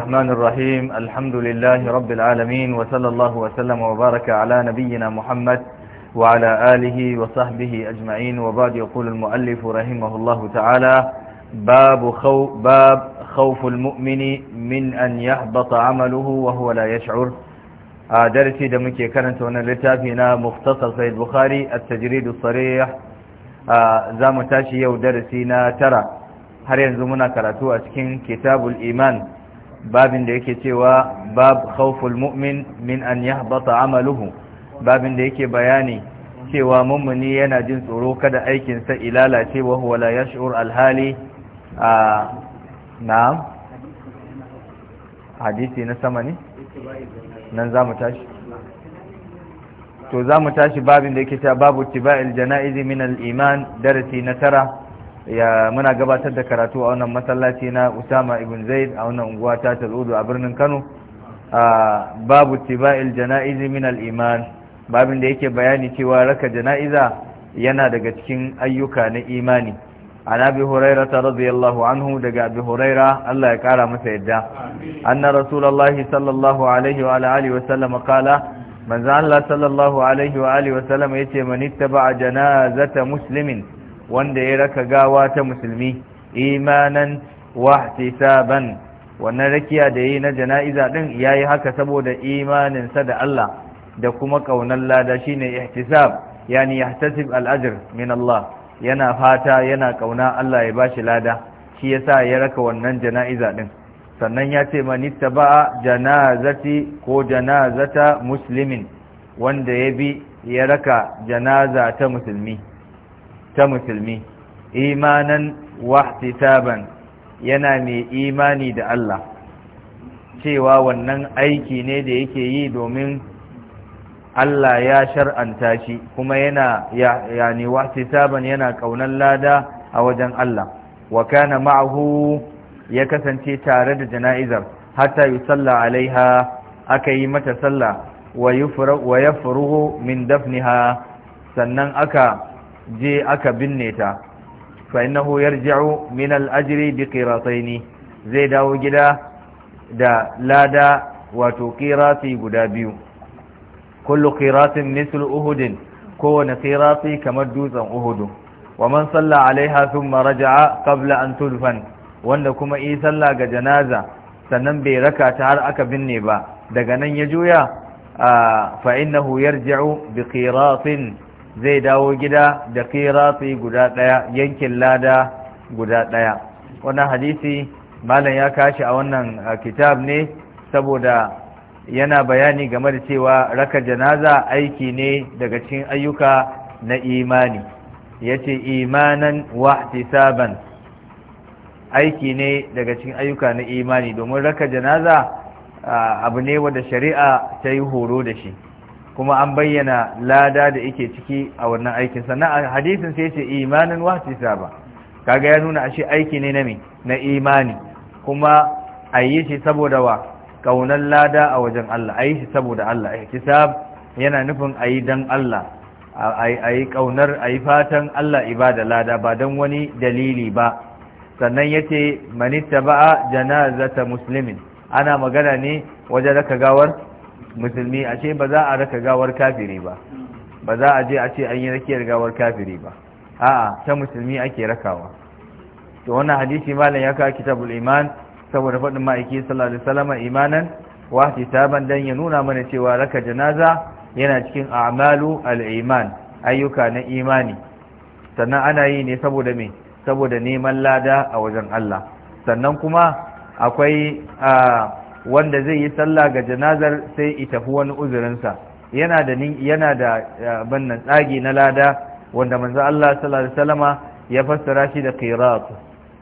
الرحمن الرحيم الحمد لله رب العالمين وصلى الله وسلم وبارك على نبينا محمد وعلى آله وصحبه أجمعين وبعد يقول المؤلف رحمه الله تعالى باب, خوف, باب خوف المؤمن من أن يحبط عمله وهو لا يشعر آه، درسي دمكي كانت هنا لتافينا مختصر سيد بخاري التجريد الصريح آه، زامتاشي يو درسينا ترى هل ينزمنا كراتو أسكن كتاب الإيمان babin da yake cewa bab khawful mu'min min an yahbata amaluhu babin da yake bayani cewa mummuni yana jin tsoro kada aikinsa ilalace wa huwa la yash'ur alhali a na'am hadisi na sama ne nan zamu tashi to zamu tashi babin da yake cewa babu tiba'il janaizi min al-iman darasi na tara ya muna gabatar da karatu a wannan masallaci na Usama ibn Zaid a wannan unguwa ta tal'udu a birnin Kano babu tiba'il janaizi min al'iman babin da yake bayani cewa raka janaiza yana daga cikin ayyuka na imani an abi huraira ta radiyallahu anhu daga abi huraira Allah ya kara masa yadda anna rasulallahi sallallahu alaihi wa alihi wa sallam qala manzo Allah sallallahu alaihi wa alihi wa sallam yace man ittaba janazata muslimin wanda ya raka gawa ta musulmi imanan wahtisaban wannan rakiya da yayi na jana'iza din yayi haka saboda imanin sa da Allah da kuma kaunar lada shine ihtisab yani yahtasib al-ajr min Allah yana fata yana kauna Allah ya bashi lada shi yasa ya raka wannan jana'iza din sannan ya ce man ittaba'a janazati ko janazata muslimin wanda ya bi ya raka janaza ta musulmi ta musulmi imanan wahtisaban yana mai imani da Allah cewa wannan aiki ne da yake yi domin Allah ya shar'anta shi kuma yana yani wahtisaban yana kaunan lada a wajen Allah wa kana ma'ahu ya kasance tare da jana'izar hatta yusalla alaiha aka yi mata sallah wa yafruhu min dafniha sannan aka je aka binne ta fa innahu yarji'u min al-ajri bi qirataini zai dawo gida da lada wato qirati guda biyu kullu qiratin mislu uhudin kowane qirati kamar dutsen uhudu wa man salla alaiha thumma raja'a qabla an tudfan wanda kuma yi salla ga janaza sannan bai raka ta har aka binne ba daga nan ya juya fa innahu yarji'u bi qiratin zai dawo gida da kirafi guda ɗaya, yankin lada guda ɗaya. wannan hadisi malam ya kashi a wannan kitab ne saboda yana bayani game da cewa raka janaza aiki ne daga cikin ayyuka na imani Ya ce imanan wa saban aiki ne daga cikin ayyuka na imani domin raka janaza abu ne wanda shari'a ta yi horo da shi kuma an bayyana lada da yake ciki a wannan aikin sannan a hadisin sai ce imanin saba kaga ya nuna ashe aiki ne na me na imani kuma ayi shi saboda wa kaunan lada a wajen Allah ayi shi saboda Allah ihtisab yana nufin ayi dan Allah ayi kaunar ayi fatan Allah ibada lada ba dan wani dalili ba sannan yace manittaba janazata muslimin ana magana ne wajen raka gawar musulmi ashe ba za a raka gawar kafiri ba ba za a je a ce an yi rakiyar gawar kafiri ba a'a ta musulmi ake rakawa to wannan hadisi malam ya kawo kitabul iman saboda faɗin ma'aiki sallallahu alaihi wasallam imanan wa kitaban dan ya nuna mana cewa raka janaza yana cikin a'malu al-iman ayyuka na imani sannan ana yi ne saboda me saboda neman lada a wajen Allah sannan kuma akwai ah, wanda zai yi sallah ga janazar sai ita fi wani uzurinsa yana da yana da eh, bannan tsagi na lada wanda manzo Allah sallallahu alaihi wasallama ya fassara shi da qirat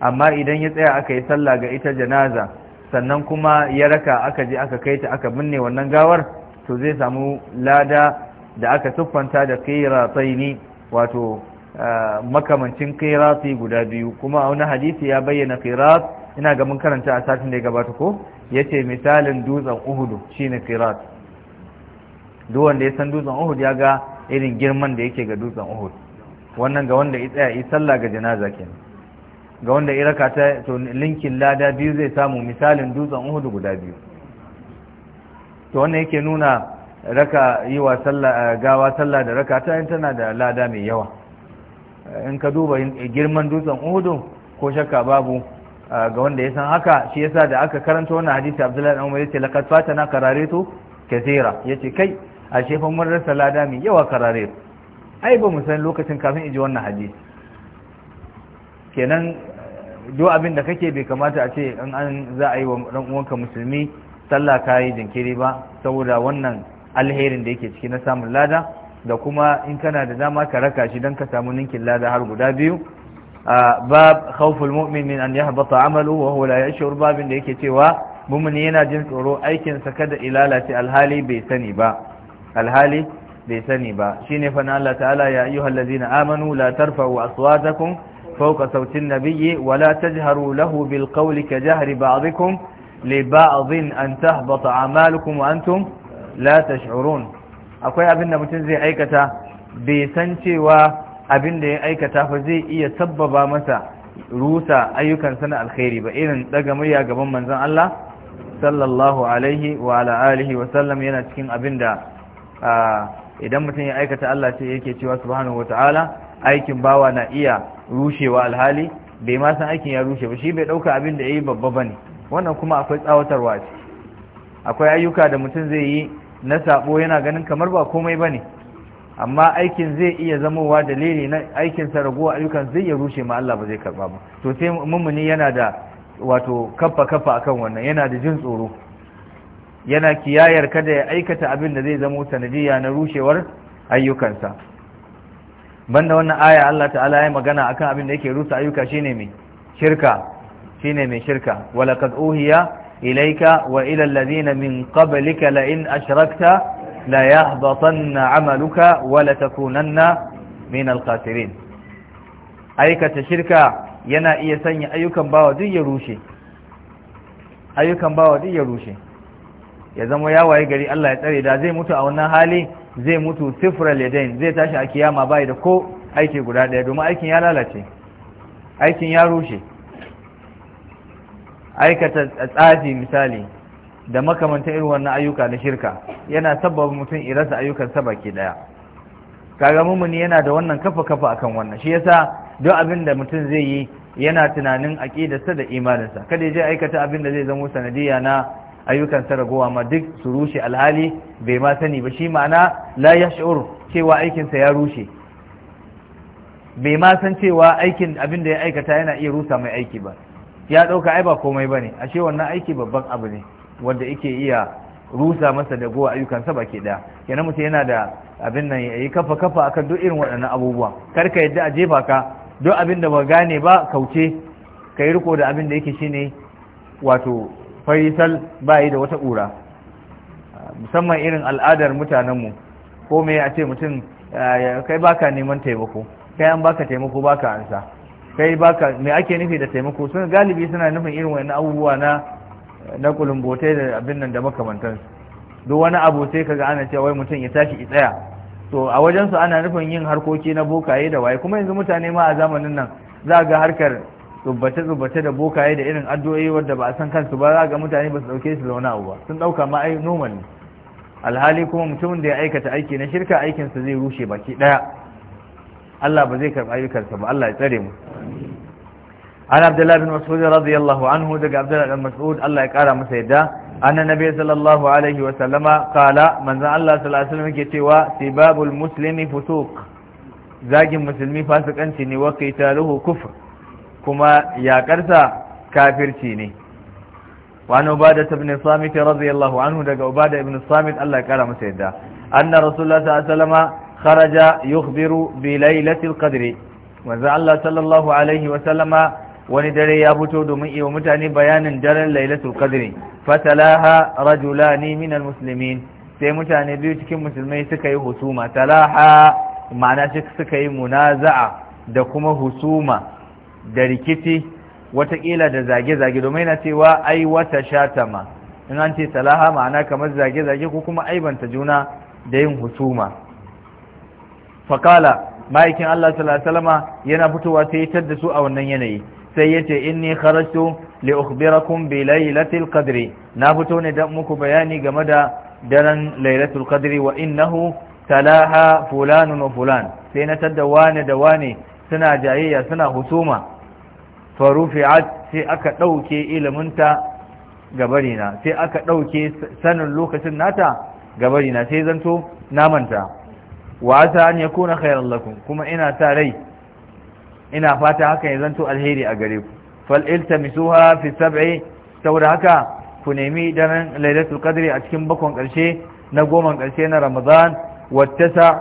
amma idan ya tsaya aka yi sallah ga ita janaza sannan kuma ya raka aka je aka kai ta aka binne wannan gawar to zai samu lada da aka siffanta da qirataini wato eh, makamancin qirati guda biyu kuma a wani hadisi ya bayyana qirat ina ga mun karanta a satin da ya gabata ko yace misalin dutsen uhudu shine firat duk wanda ya san dutsen uhud ya ga irin girman da yake ga dutsen uhud wannan ga wanda ya tsaya yi sallah ga janaza kenan ga wanda ya raka ta to linkin lada biyu zai samu misalin dutsen uhud guda biyu to wannan yake nuna raka yi wa sallah eh, gawa sallah da raka ta tana da lada mai yawa eh, in ka duba girman dutsen uhudu ko shakka babu ga wanda ya san haka shi yasa da aka karanta wannan hadisi Abdullahi dan Umar yace laqad fatana qararitu kathira yace kai a shefan murar rasa lada mai yawa karare ai ba mu san lokacin kafin iji wannan hadisi kenan duk abin da kake bai kamata a ce in an za a yi wa dan uwanka musulmi sallah yi jinkiri ba saboda wannan alherin da yake ciki na samun lada da kuma in kana da dama ka raka shi don ka samu ninkin lada har guda biyu bab khawful mu'min min an yahbata amalu wa huwa la yashur babin da yake cewa mumuni yana jin tsoro aikin sa kada ilalace alhali bai sani ba alhali bai sani ba shine fa Allah ta'ala ya ayyuhal ladzina amanu la tarfa'u aswatakum fawqa sawti an-nabiyyi wa la tajharu lahu bil ka jahri ba'dikum li ba'dhin an tahbata a'malukum wa antum la tash'urun akwai abin da mutum zai aikata bai san cewa abin da ya aikata fa zai iya sabbaba masa rusa ayyukan na alkhairi ba irin daga murya gaban manzon Allah sallallahu alaihi wa ala alihi wa sallam yana cikin abin da idan mutum ya aikata Allah ce yake cewa subhanahu wataala aikin bawa na iya rushewa alhali bai ma san aikin ya rushe ba shi bai dauka abin da yayi babba bane wannan kuma akwai tsawatarwa ce akwai ayyuka da mutum zai yi na sabo yana ganin kamar ba komai bane amma aikin zai iya zamowa dalili na aikin sa ayyukan zai ya rushe ma Allah ba zai karba ba to sai mummuni yana da wato kaffa kaffa akan wannan yana da jin tsoro yana kiyayar kada ya aikata abin da zai zamo sanadiyya na rushewar ayyukansa banda wannan aya Allah ta'ala ya magana akan abin da yake rusa ayyuka shine mai shirka shine mai shirka walaqad uhiya ilayka wa ila alladhina min qablika la in ashrakta la yahbatanna amaluka wa la takunanna min al-khasirin aikata shirka yana iya sanya ayyukan bawa duk ya rushe ayyukan bawa duk ya rushe ya zama ya waye gari Allah ya tsare da zai mutu a wannan hali zai mutu sifra ladain zai tashi a kiyama bai da ko aiki guda daya domin aikin ya lalace aikin ya rushe aikata tsafi misali da makamantan irin wannan ayyuka na shirka yana sabbaba mutum rasa ayyukan sa ke daya kaga mumuni yana da wannan kafa kafa akan wannan shi yasa duk abin da mutum zai yi yana tunanin aqidarsa da imaninsa kada ya je aikata abin da zai zama sanadiyya na ayyukan sa ragowa ma duk su rushe alhali bai ma sani ba shi ma'ana la yash'ur cewa aikin ya rushe bai ma san cewa aikin abin da ya aikata yana iya rusa mai aiki ba ya ɗauka ai ba komai bane ashe wannan aiki babban abu ne wanda yake iya rusa masa da gowa ayyukansa baki daya kenan mutum yana da abin nan yayi kafa kafa akan duk irin waɗannan abubuwa karka yadda a jefa ka duk abin da ba gane ba kauce ka yi riko da abin da yake shine wato faisal bai da wata ƙura musamman irin al'adar mutanenmu ko me a ce mutum kai baka neman taimako kai an baka taimako baka ansa kai baka me ake nufi da taimako sun galibi suna nufin irin wani abubuwa na na kulumbotai da abin nan da makamantansu duk wani abu sai kaga ana cewa wai mutum ya tashi tsaya to a su ana nufin yin harkoki na bokaye da waye kuma yanzu mutane ma a zamanin nan za ga harkar tsubbace tsubbace da bokaye da irin addu'o'i wadda ba a san kansu ba za ga mutane ba su dauke su zauna abu ba sun dauka ma ai normal alhali kuma mutumin da ya aikata aiki na shirka aikinsa zai rushe baki daya Allah ba zai karɓi ayyukansa ba Allah ya tsare mu an abdullahi bin mas'ud radiyallahu anhu daga abdullahi bin mas'ud Allah ya kara masa yadda anna nabi sallallahu alaihi wa sallama qala manzon Allah sallallahu alaihi wasallam yake cewa sibabul muslimi fusuq zagin musulmi fasikanci ne wa qitaluhu kufr kuma yaƙarsa kafirci ne wa an ubada ibn samit radiyallahu anhu daga ubada ibn samit Allah ya kara masa yadda anna rasulullah sallallahu alaihi wasallama kharaja yukhbiru bi lailatul kadri manzon Allah sallallahu alaihi wasallama wani dare ya fito domin iya mutane bayanin daren lailatul qadri fatalaha rajulani min almuslimin sai mutane biyu cikin musulmai suka yi husuma talaha ma'ana suka yi munaza'a da kuma husuma da rikici watakila da zage-zage domin yana cewa ai wata shatama in an ce talaha ma'ana kamar zage-zage ko kuma aibanta juna da yin husuma faƙala ma'aikin Allah sallallahu alaihi yana fitowa sai ya tadda su a wannan yanayi sai yace inni kharajtu li ukhbirakum bi lailatul qadri na fito ne dan muku bayani game da daren lailatul qadri wa innahu talaha fulan wa fulan sai na tada wane da wane suna jayayya suna husuma farufi'at sai aka dauke gabari na sai aka dauke sanin lokacin nata na sai zanto namanta wa asa an yakuna khairan lakum kuma ina sa rai ina fata haka ya zanto alheri a gare ku fal iltamisuha fi sab'i saboda haka ku nemi daren lailatul qadri a cikin bakon karshe na goma karshe na ramadan wattasa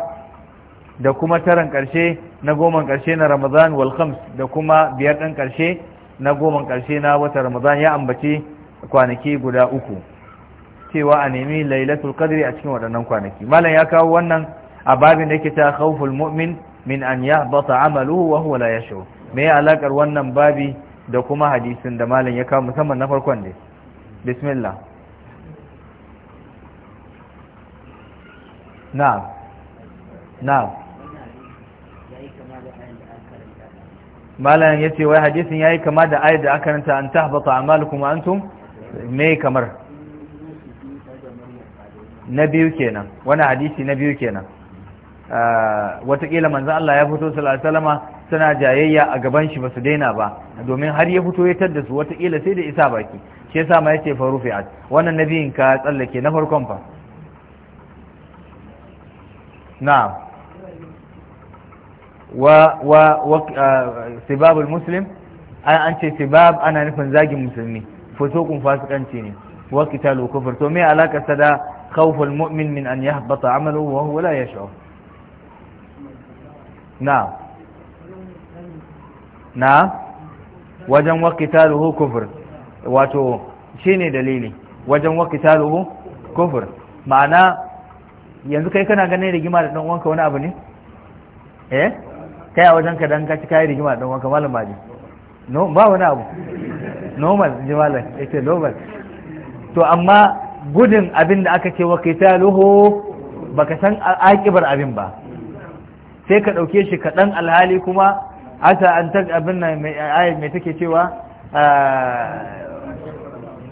da kuma taran karshe na goma karshe na ramadan wal khams da kuma biyar dan karshe na goma karshe na wata ramadan ya ambaci kwanaki guda uku cewa a nemi lailatul qadri a cikin waɗannan kwanaki malam ya kawo wannan a babin da yake ta khawful mu'min min an yahbata amaluhu wa huwa la yashur me ya alakar wannan babi da kuma hadisin da malam ya kawo musamman na farkon ne bismillah na'am na'am malam yace wai hadisin yayi kama da ayat da aka ranta an tahbata amalukum wa antum me kamar na biyu kenan wani hadisi na biyu kenan Ah, watakila manzan Allah ya fito salama suna jayayya a gaban shi ba su daina ba domin har ya fito ya tadda su watakila sai da isa baki shi yasa ma yace farufi'at wannan nabiyin ka tsallake na farkon fa na'am wa wa wa ah, sibabul muslim an ce sibab ana nufin zagin musulmi fusukun fasikanci ne wa kitalu kufur to me alaka sada khawful mu'min min an yahbata amalu wa huwa la yash'ur na na wajen waqitaluhu kufr wato shine dalili wajen waqitaluhu kufr ma'ana yanzu kai kana ganin rigima da dan uwanka wani abu ne eh kai a wajen ka dan ka ci kai rigima da dan uwanka malam baji no ba wani abu normal jimalan ce normal to amma gudun abin da aka ce wa ba baka san aƙibar abin ba sai ka ɗauke shi kaɗan alhali kuma asa an ta abin nan mai take cewa ah,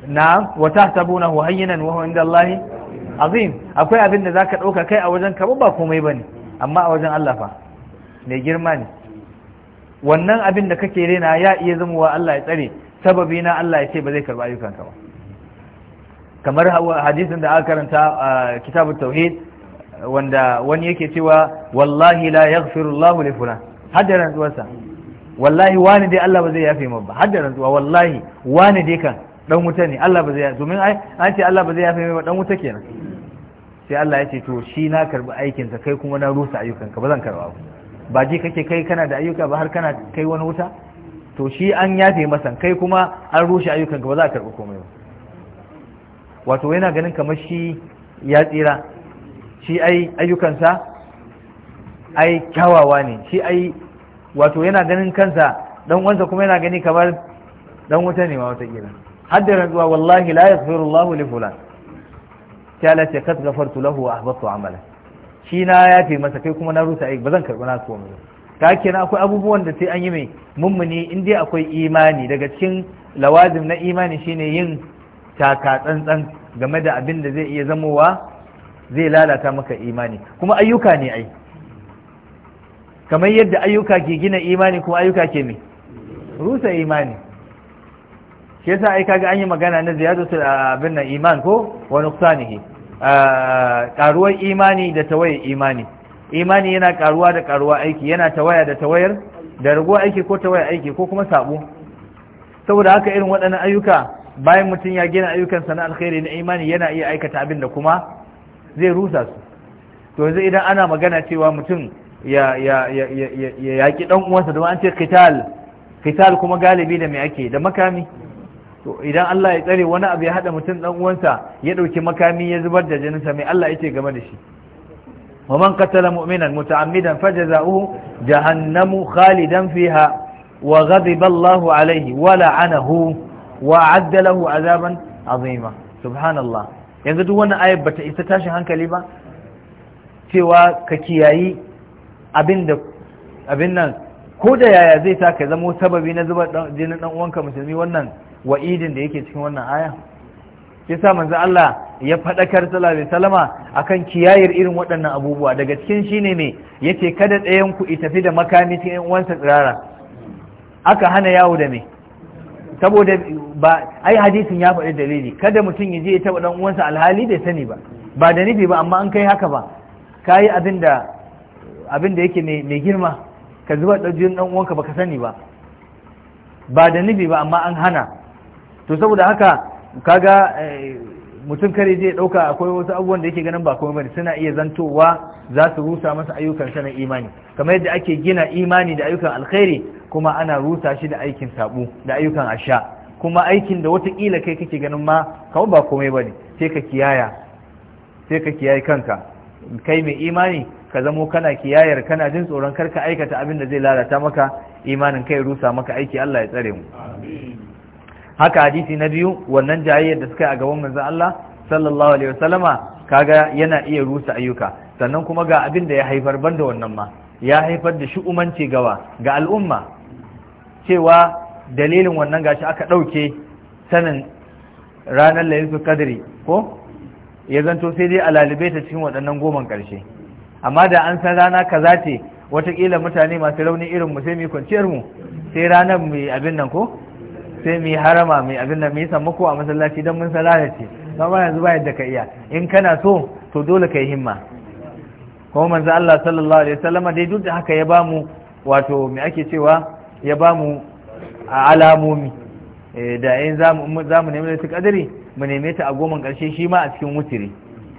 na wata wa hanyar nan wahon inda Allah azim akwai abin da za ka ɗauka kai a wajen ka ba komai ba ne, amma a wajen Allah fa mai girma ne wannan abin da kake rena ya iya zama wa Allah ya tsare sababi na Allah ya ce ba zai karɓi ayyukanka ba kamar hadisin da aka karanta kitabut tauhid wanda wani yake cewa wallahi la yaghfirullahu li fulan hadda sa, wallahi wani dai Allah ba zai yafe mu ba hadda rantsuwa wallahi wani dai kan dan wuta ne Allah ba zai yafe domin ai an ce Allah ba zai yafe mu ba dan wuta kenan sai Allah ya ce to shi na karbi aikin sa kai kuma na rusa ayyukan ka ba zan karba ba ba ji kake kai kana da ayyuka ba har kana kai wani wuta to shi an yafe masa kai kuma an rushe ayyukan ka ba za a karbi komai ba wato yana ganin kamar shi ya tsira shi ai ayyukansa ai kyawawa ne shi ai wato yana ganin kansa dan wanda kuma yana gani kamar dan wuta ne ma wata gida hadda rantsuwa wallahi la yaghfiru Allahu li fulan ta la ta kad ghafartu lahu wa ahbattu amala shi na yafe masa kai kuma na rusa ai bazan karbi na komai ka kenan akwai abubuwan da sai an yi mai mummuni in dai akwai imani daga cikin lawazim na imani shine yin taka tsantsan game da abin da zai iya zamowa zai lalata maka imani kuma ayyuka ne ai kamar yadda ayyuka ke gina imani kuma ayyuka ke mai rusa imani ke sa ai kaga an yi magana na su abin nan iman ko wa nuqsanihi karuwar imani da tawayar imani imani yana karuwa da karuwa aiki yana tawaya da tawayar da raguwa aiki ko tawayar aiki ko kuma sabo saboda haka irin waɗannan ayyuka bayan mutum ya gina ayyukansa na alkhairi na imani yana iya aikata abin da kuma zai rusa su to yanzu idan ana magana cewa mutum ya ya ya ya yaki dan uwansa da an ce qital qital kuma galibi da me ake da makami to idan Allah ya tsare wani abu ya hada mutum dan uwansa ya dauki makami ya zubar da jininsa ma Allah yake game da shi wa man qatala mu'minan muta'ammidan fajaza'uhu jahannamu khalidan fiha wa ghadiba Allahu alayhi wa la'anahu wa 'adda lahu 'azaban 'azima subhanallah yanzu duk wannan ayat bata isa tashin hankali ba cewa ka kiyayi abin da abin nan ko da yaya zai sa ka zama sababi na zubar jinin dan uwanka musulmi wannan wa'idin da yake cikin wannan aya yasa manzo Allah ya fadakar sallallahu alaihi wasallama akan kiyayar irin waɗannan abubuwa daga cikin shine ne yace kada ɗayan ku tafi da makami cikin uwansa tsirara aka hana yawo da me saboda ba ai hadisin ya faɗi dalili kada mutum ya je ya taɓa ɗan uwansa alhali bai sani ba ba da nufi ba amma an kai haka ba ka yi abin da yake mai girma ka zuba ɗajin ɗan uwanka ba ka sani ba ba da nufi ba amma an hana to saboda haka kaga eh, mutum kare zai ɗauka akwai wasu abubuwan da yake ganin ba komai bane suna iya zantowa za su rusa masa ayyukan sa imani kamar yadda ake gina imani da ayyukan alkhairi kuma ana rusa shi da aikin sabu da ayyukan asha kuma aikin da watakila kai kake ganin ma kawai ba komai bane sai ka kiyaya sai ka kiyaye kanka kai mai imani ka zamo kana kiyayar kana jin tsoron karka aikata abin da zai lalata maka imanin kai rusa maka aiki Allah ya tsare mu amin haka hadisi na biyu wannan jayayyar da suka yi a gaban manzon Allah sallallahu alaihi wasallama kaga yana iya rusa ayyuka sannan kuma ga abin da ya haifar banda wannan ma ya haifar da shu'umanci gawa ga al'umma cewa dalilin wannan gashi aka ɗauke sanin ranar lailatul kadiri ko ya zanto sai dai alalibe ta cikin waɗannan goma ƙarshe amma da an san rana kaza ce watakila mutane masu rauni irin mu sai mu kwanciyar mu sai ranar mu abin nan ko sai mu yi harama mai abin da mu yi sammako a masallaci don mun salalace amma yanzu ba yadda ka iya in kana so to dole ka yi himma kuma manzo Allah sallallahu alaihi wasallam dai duk da haka ya ba mu wato me ake cewa ya ba mu alamomi eh, da in za mu nemi ta kadari mu neme ta a goman karshe shi ma a cikin wutiri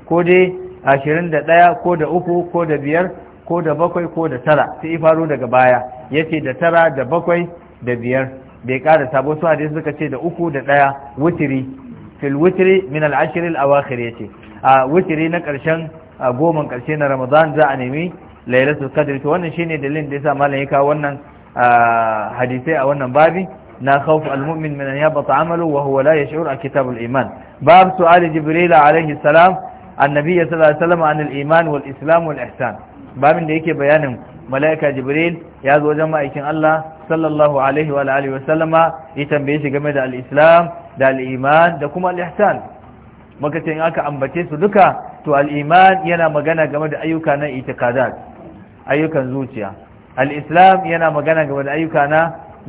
ko dai 21 ko da uku ko da biyar ko da bakwai ko da tara sai faru daga baya yace da tara da bakwai da biyar bai kara sabo su hadisi suka ce da uku da ɗaya wutiri fil wutiri min al-ashiril awakhir yace a wutiri na karshen goman karshe na ramadan za a nemi lailatul qadr to wannan shine dalilin da yasa malam ya kawo wannan hadisai a wannan babi na khawf al-mu'min min an yabta amalu wa huwa la yash'ur a kitabul iman bab su'al jibril alayhi salam annabi sallallahu alaihi wasallam an al-iman wal islam wal ihsan babin da yake bayanin mala'ika jibril ya zo wajen ma'aikin Allah sallallahu alaihi wa alihi wa sallama ya tambaye shi game da al-islam da al-iman da kuma al-ihsan muka ce in aka ambace su duka to al-iman yana magana game da ayyuka na itikadat ayyukan zuciya al-islam yana magana game da ayyuka na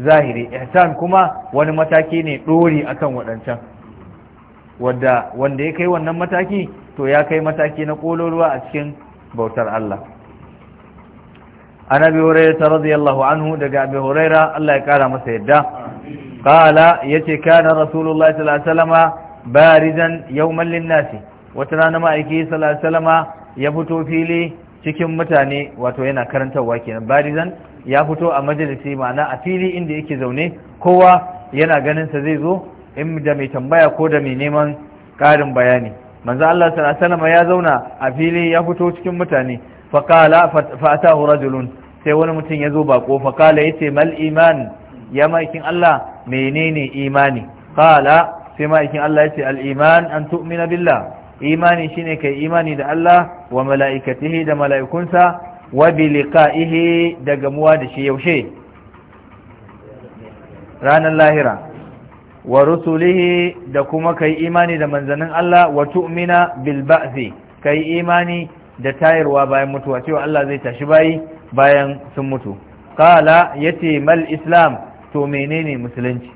zahiri ihsan kuma wani mataki ne dori akan wadancan wanda wanda ya kai wannan mataki to ya kai mataki na kololuwa a cikin bautar Allah annabi abi hurairah radiyallahu anhu daga abi hurairah Allah ya kara masa yadda qala yace kana rasulullahi sallallahu alaihi wasallam barizan yawman linnasi wata rana ma'aiki sallallahu alaihi wasallam ya fito fili cikin mutane wato yana karantarwa kenan barizan ya fito a majalisi ma'ana a fili inda yake zaune kowa yana ganin sa zai zo in da mai tambaya ko da mai neman karin bayani manzo Allah sallallahu alaihi wasallam ya zauna a fili ya fito cikin mutane faƙala fata rajulun sai wani mutum ya zo bako faƙala ya ce mal iman ya ma'aikin Allah menene imani ƙala sai ma'aikin Allah ya ce al'iman an tu'mina billah imani shine kai imani da Allah wa mala'ikatihi da mala'ikunsa wa bi liqa'ihi da gamuwa da shi yaushe ranar lahira wa rusulihi da kuma kai imani da manzannin Allah wa tu'mina bil ba'thi kai imani da tayarwa bayan mutuwa cewa Allah zai tashi bayi bayan sun mutu kala yace mal islam to menene musulunci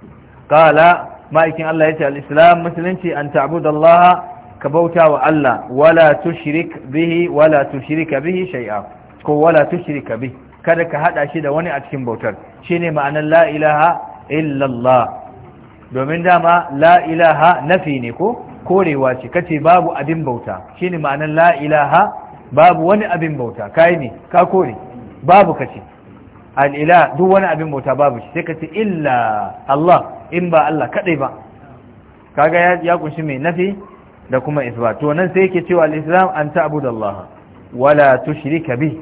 kala ma'aikin Allah yace al islam musulunci an ta'budallaha ka bauta wa Allah wala tushrik bihi wala tushrika bihi shay'a ko wala tushrika bihi kada ka hada shi da wani a cikin bautar shine ma'anar la ilaha illallah domin dama la ilaha nafi ne ko korewa ce kace babu abin bauta shine ma'anar la ilaha babu wani abin bauta kai ne ka kore babu kace al'ila duk wani abin bauta babu shi sai kace illa Allah in ba Allah kadai ba kaga ya kunshi mai nafi da kuma isbat to nan sai yake cewa al-islam an ta'budallaha wala tushrika bihi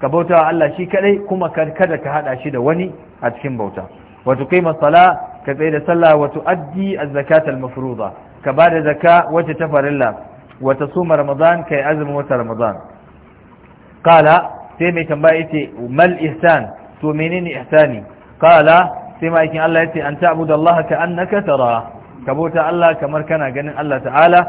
ka bauta wa Allah shi kadai kuma kada ka hada shi da wani a cikin bauta wato kai masala ka tsaye da sallah wato addi az-zakat al-mafruḍa ka da zakka wacce ta farilla wata suma ramadan kai azumin wata ramadan kala sai mai tambaya yace mal ihsan to menene ihsani kala sai ma'aikin Allah yace an ta'budu Allah ka annaka tara ka bauta Allah kamar kana ganin Allah ta'ala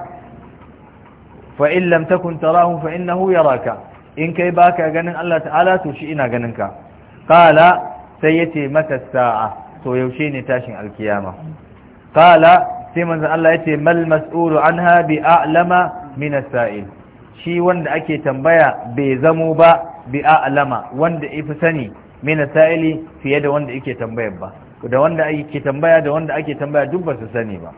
fa in lam takun tarahu fa innahu yaraka in kai baka ganin Allah ta'ala to shi ina ganin ka kala sai yace mata sa'a to yaushe ne tashin alkiyama kala sai manzon Allah yace mal mas'ulu anha bi a'lama min sa'il shi wanda ake tambaya bai zamo ba bi a'lama wanda ifi sani min sa'ili fiye da wanda yake tambayar ba da wanda ake tambaya da wanda ake tambaya duk ba su sani ba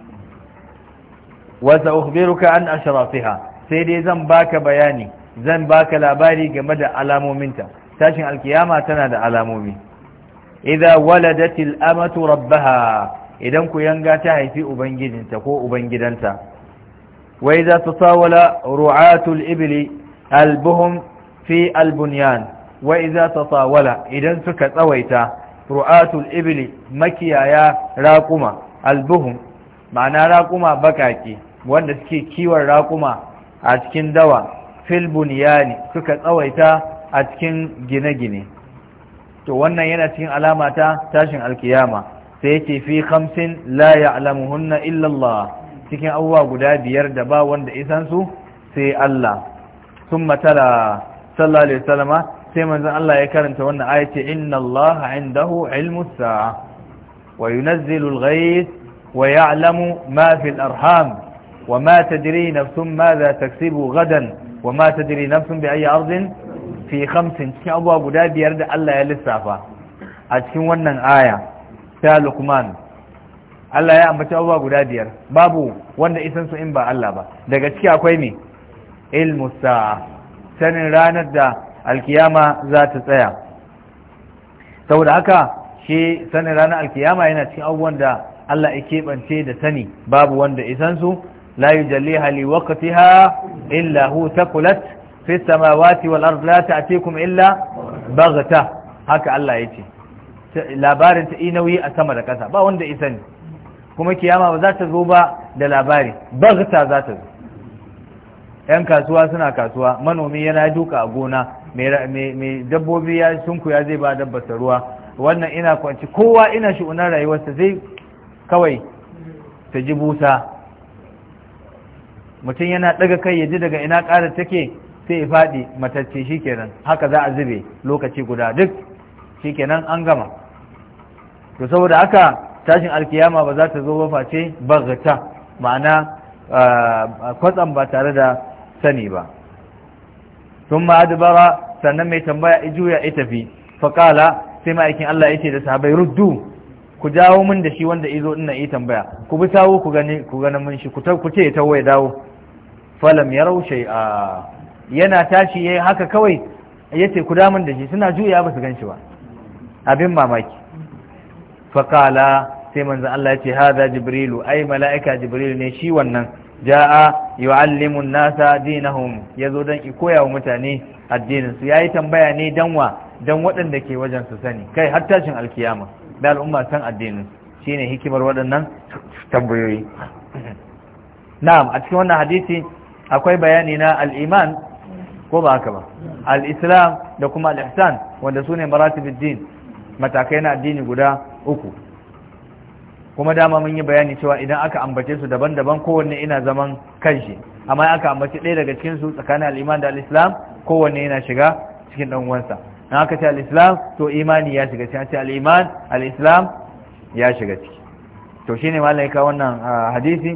wa sa'ukhbiruka an ashrafiha sai dai zan baka bayani zan baka labari game da alamominta tashin alkiyama tana da alamomi idza waladatil amatu rabbaha idan ku yanga ta haifi ubangijinta ko ubangidanta وإذا تطاول رعاة الإبل البهم في البنيان وإذا تطاول idan سكت أويتا رعاة الإبل مكيا يا راقما البهم معنى راقما بكاكي wanda suke kiwon raƙuma a cikin dawa fil bunyani suka tsawaita a cikin gine-gine to wannan yana cikin alama ta tashin alkiyama sai yake khamsin la ya'lamuhunna cikin abubuwa guda biyar da ba wanda isansu. sai Allah sun matala sallallahu alaihi wasallama sai manzon Allah ya karanta wannan aya ce inna Allah indahu ilmu sa'a wa yunazzilu al-ghayth wa ya'lamu ma fi al-arham wa ma tadri nafsun madha taksubu gadan wa ma tadri nafsun bi ayi ardin fi khamsin cikin abubuwa guda biyar da Allah ya lissafa a cikin wannan aya ta Luqman Allah ya ambaci abubuwa guda biyar babu wanda isan su in ba Allah ba daga ciki akwai ne ilmu sa'a sanin ranar da alkiyama za ta tsaya saboda haka shi sanin ranar alkiyama yana cikin abubuwan da Allah ya keɓance da sani babu wanda isan su la hali, wakati, ha illa hu taqulat fi samawati wal ard la ta'tikum illa baghta haka Allah ya ce. labarin ta nauyi a sama da kasa ba wanda isani kuma kiyama ba za ta zo ba da labari bagta za ta zo yan kasuwa suna kasuwa manomi yana duka a gona mai dabbobi ya sunku ya zai ba dabbarsa ruwa wannan ina kwanci kowa ina shi'unar rayuwarsa zai kawai ta ji busa mutum yana daga kai ya ji daga ina kara take sai ya faɗi matacce kenan, haka za a zube lokaci guda duk shikenan an gama to saboda haka tashin alkiyama ba za ta zo ba face bagata ma'ana kwatsam ba tare da sani ba sun adubara sannan mai tambaya ijuya ya fi. faƙala sai ma'aikin Allah ya ce da sahabai ruddu ku jawo min da shi wanda izo ina yi tambaya ku bi tawo ku gani ku gani mun shi ku ce ta ya dawo falam ya raushe a yana tashi ya haka kawai ya ce ku damun da shi suna juya ba su gan shi ba abin mamaki faƙala sai manzo Allah ya ce hadha jibrilu ai mala'ika jibril ne shi wannan ja'a yu'allimu an-nasa dinahum yazo dan i koya wa mutane addinin su yayi tambaya ne dan wa dan waɗanda ke wajen su sani kai har tashin alkiyama da al'umma san addinin shine hikimar waɗannan tambayoyi na'am a cikin wannan hadisi akwai bayani na al-iman ko ba haka ba al-islam da kuma al-ihsan wanda sune maratibid matakai na addini guda uku kuma dama mun yi bayani cewa idan aka ambace su daban-daban kowanne ina zaman kanshi amma aka ambace ɗaya daga cikin su tsakanin al'iman da al'islam kowanne yana shiga cikin ɗan uwansa na aka ce al'islam to imani ya shiga ciki ce al'iman al'islam ya shiga ciki to shine malai ka wannan ah, hadisi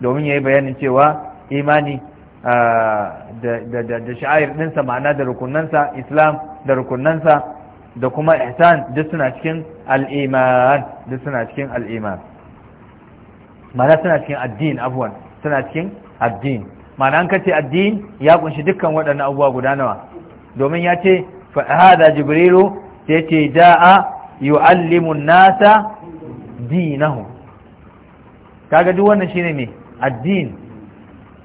domin ya yi bayanin cewa imani ah, da da da sha'air ɗinsa ma'ana da rukunansa islam da rukunansa da kuma ihsan duk suna cikin al'iman duk suna cikin al'iman ma'ana suna cikin addini abuwan suna cikin addini ma'ana an kace addini ya kunshi dukkan waɗannan abubuwa guda nawa domin ya ce fa hada jibrilu sai ce da'a yu'allimu nasa dinahu kaga duk wannan shine me addini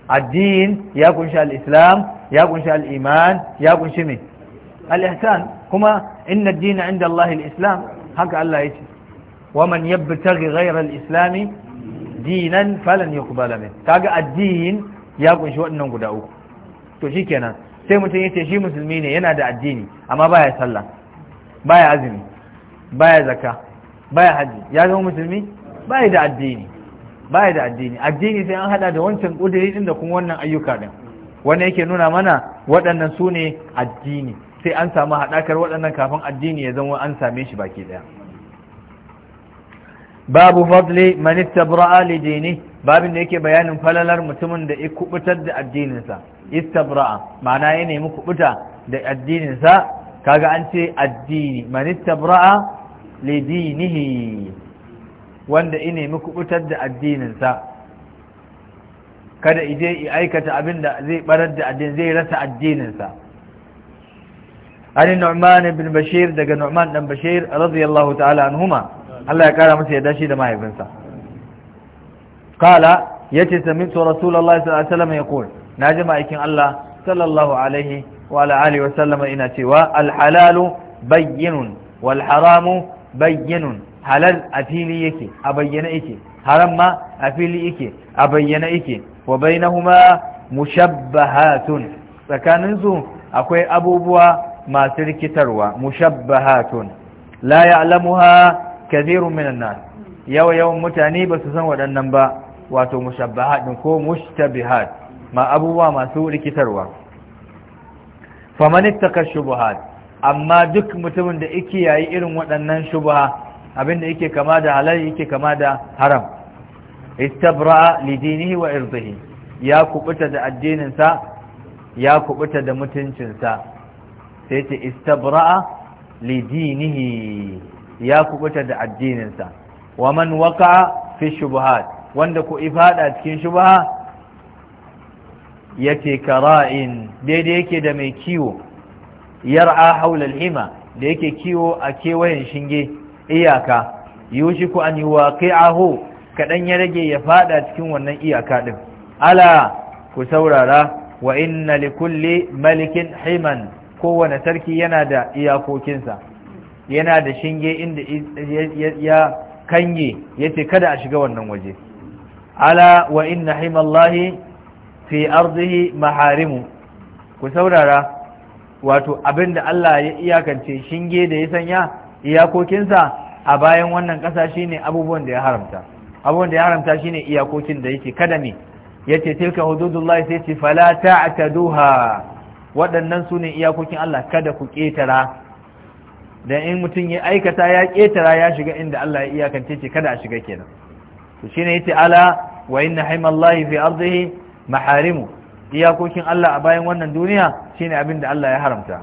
addini ya kunshi al-islam ya kunshi al-iman ya kunshi me al-ihsan kuma inna dina inda Allahi al-islam haka Allah ya ce wa man yabtaghi ghayra al-islam dinan falan yuqbala min kaga addin ya kunshi waɗannan guda uku to shikenan sai mutum yace shi musulmi ne yana da addini amma baya sallah baya azumi baya zakka baya haji ya zama musulmi baya da addini baya da addini addini sai an hada da wancan kudiri din da kuma wannan ayyuka din wanda yake nuna mana waɗannan su ne addini sai an samu haɗakar waɗannan kafin addini ya zama an same shi baki ɗaya babu fadli manista bura'a lijini babin da yake bayanin falalar mutumin da ya kubutar da addininsa Ista bura'a ma'ana ya nemi kubuta da addininsa kaga an ce addini manista bura'a lidinihi wanda ya nemi kubutar da addininsa kada ije ya aikata abin da zai barar da addini zai rasa addininsa an nu'man bin bashir daga nu'man dan bashir radiyallahu ta'ala anhuma Allah ya kara masa yadda shi da mahaifinsa kala yace sami'tu rasulullahi sallallahu alaihi wasallam yaqul naji ma'aikin Allah sallallahu alaihi wa ala wa sallama ina cewa al halalu bayyinun wal haramu bayyinun halal a fili yake a bayyana yake haram ma a fili yake a bayyana yake wa bainahuma mushabbahatun tsakaninsu akwai abubuwa masu rikitarwa mushabbahatun la ya'lamuha kathirun minan nas yawa yawan mutane ba su san waɗannan ba wato ɗin ko mushtabihat ma abubuwa masu rikitarwa faman ittaka shubuhat amma duk mutumin da yake yayi irin waɗannan shubha abinda yake kama da halal yake kama da haram istabra li dinihi wa irdihi ya kubuta da addininsa ya kubuta da mutuncinsa sai ce istabra'a li dinihi ya kubuta da addininsa wa man waka fi shubuhat wanda ku ifada cikin shubha yace kara'in daidai yake da mai kiwo yar'a haula haular hima da yake kiwo a kewayen shinge iyaka ku an yi aho? Kaɗan ya rage ya fada cikin wannan iyaka din ala ku saurara wa inna likulli malikin himan kowane sarki yana da iyakokinsa yana da shinge inda ya kanye ya ce kada a shiga wannan waje ala wa inna himallahi fi arzihi maharimu ku saurara wato abinda Allah ya iyakance shinge da ya sanya iyakokinsa a bayan wannan ƙasa shine abubuwan da ya haramta abubuwan da ya haramta shine iyakokin da yake kada ne yace tilka hududullahi sai ce fala ta'taduha waɗannan su ne iyakokin Allah kada ku ƙetara da in mutum ya aikata ya ƙetara ya shiga inda Allah ya iyakance ce kada a shiga kenan to shine yace ala wa inna haimallahi fi ardihi maharimu iyakokin Allah a bayan wannan duniya shine abin da Allah ya haramta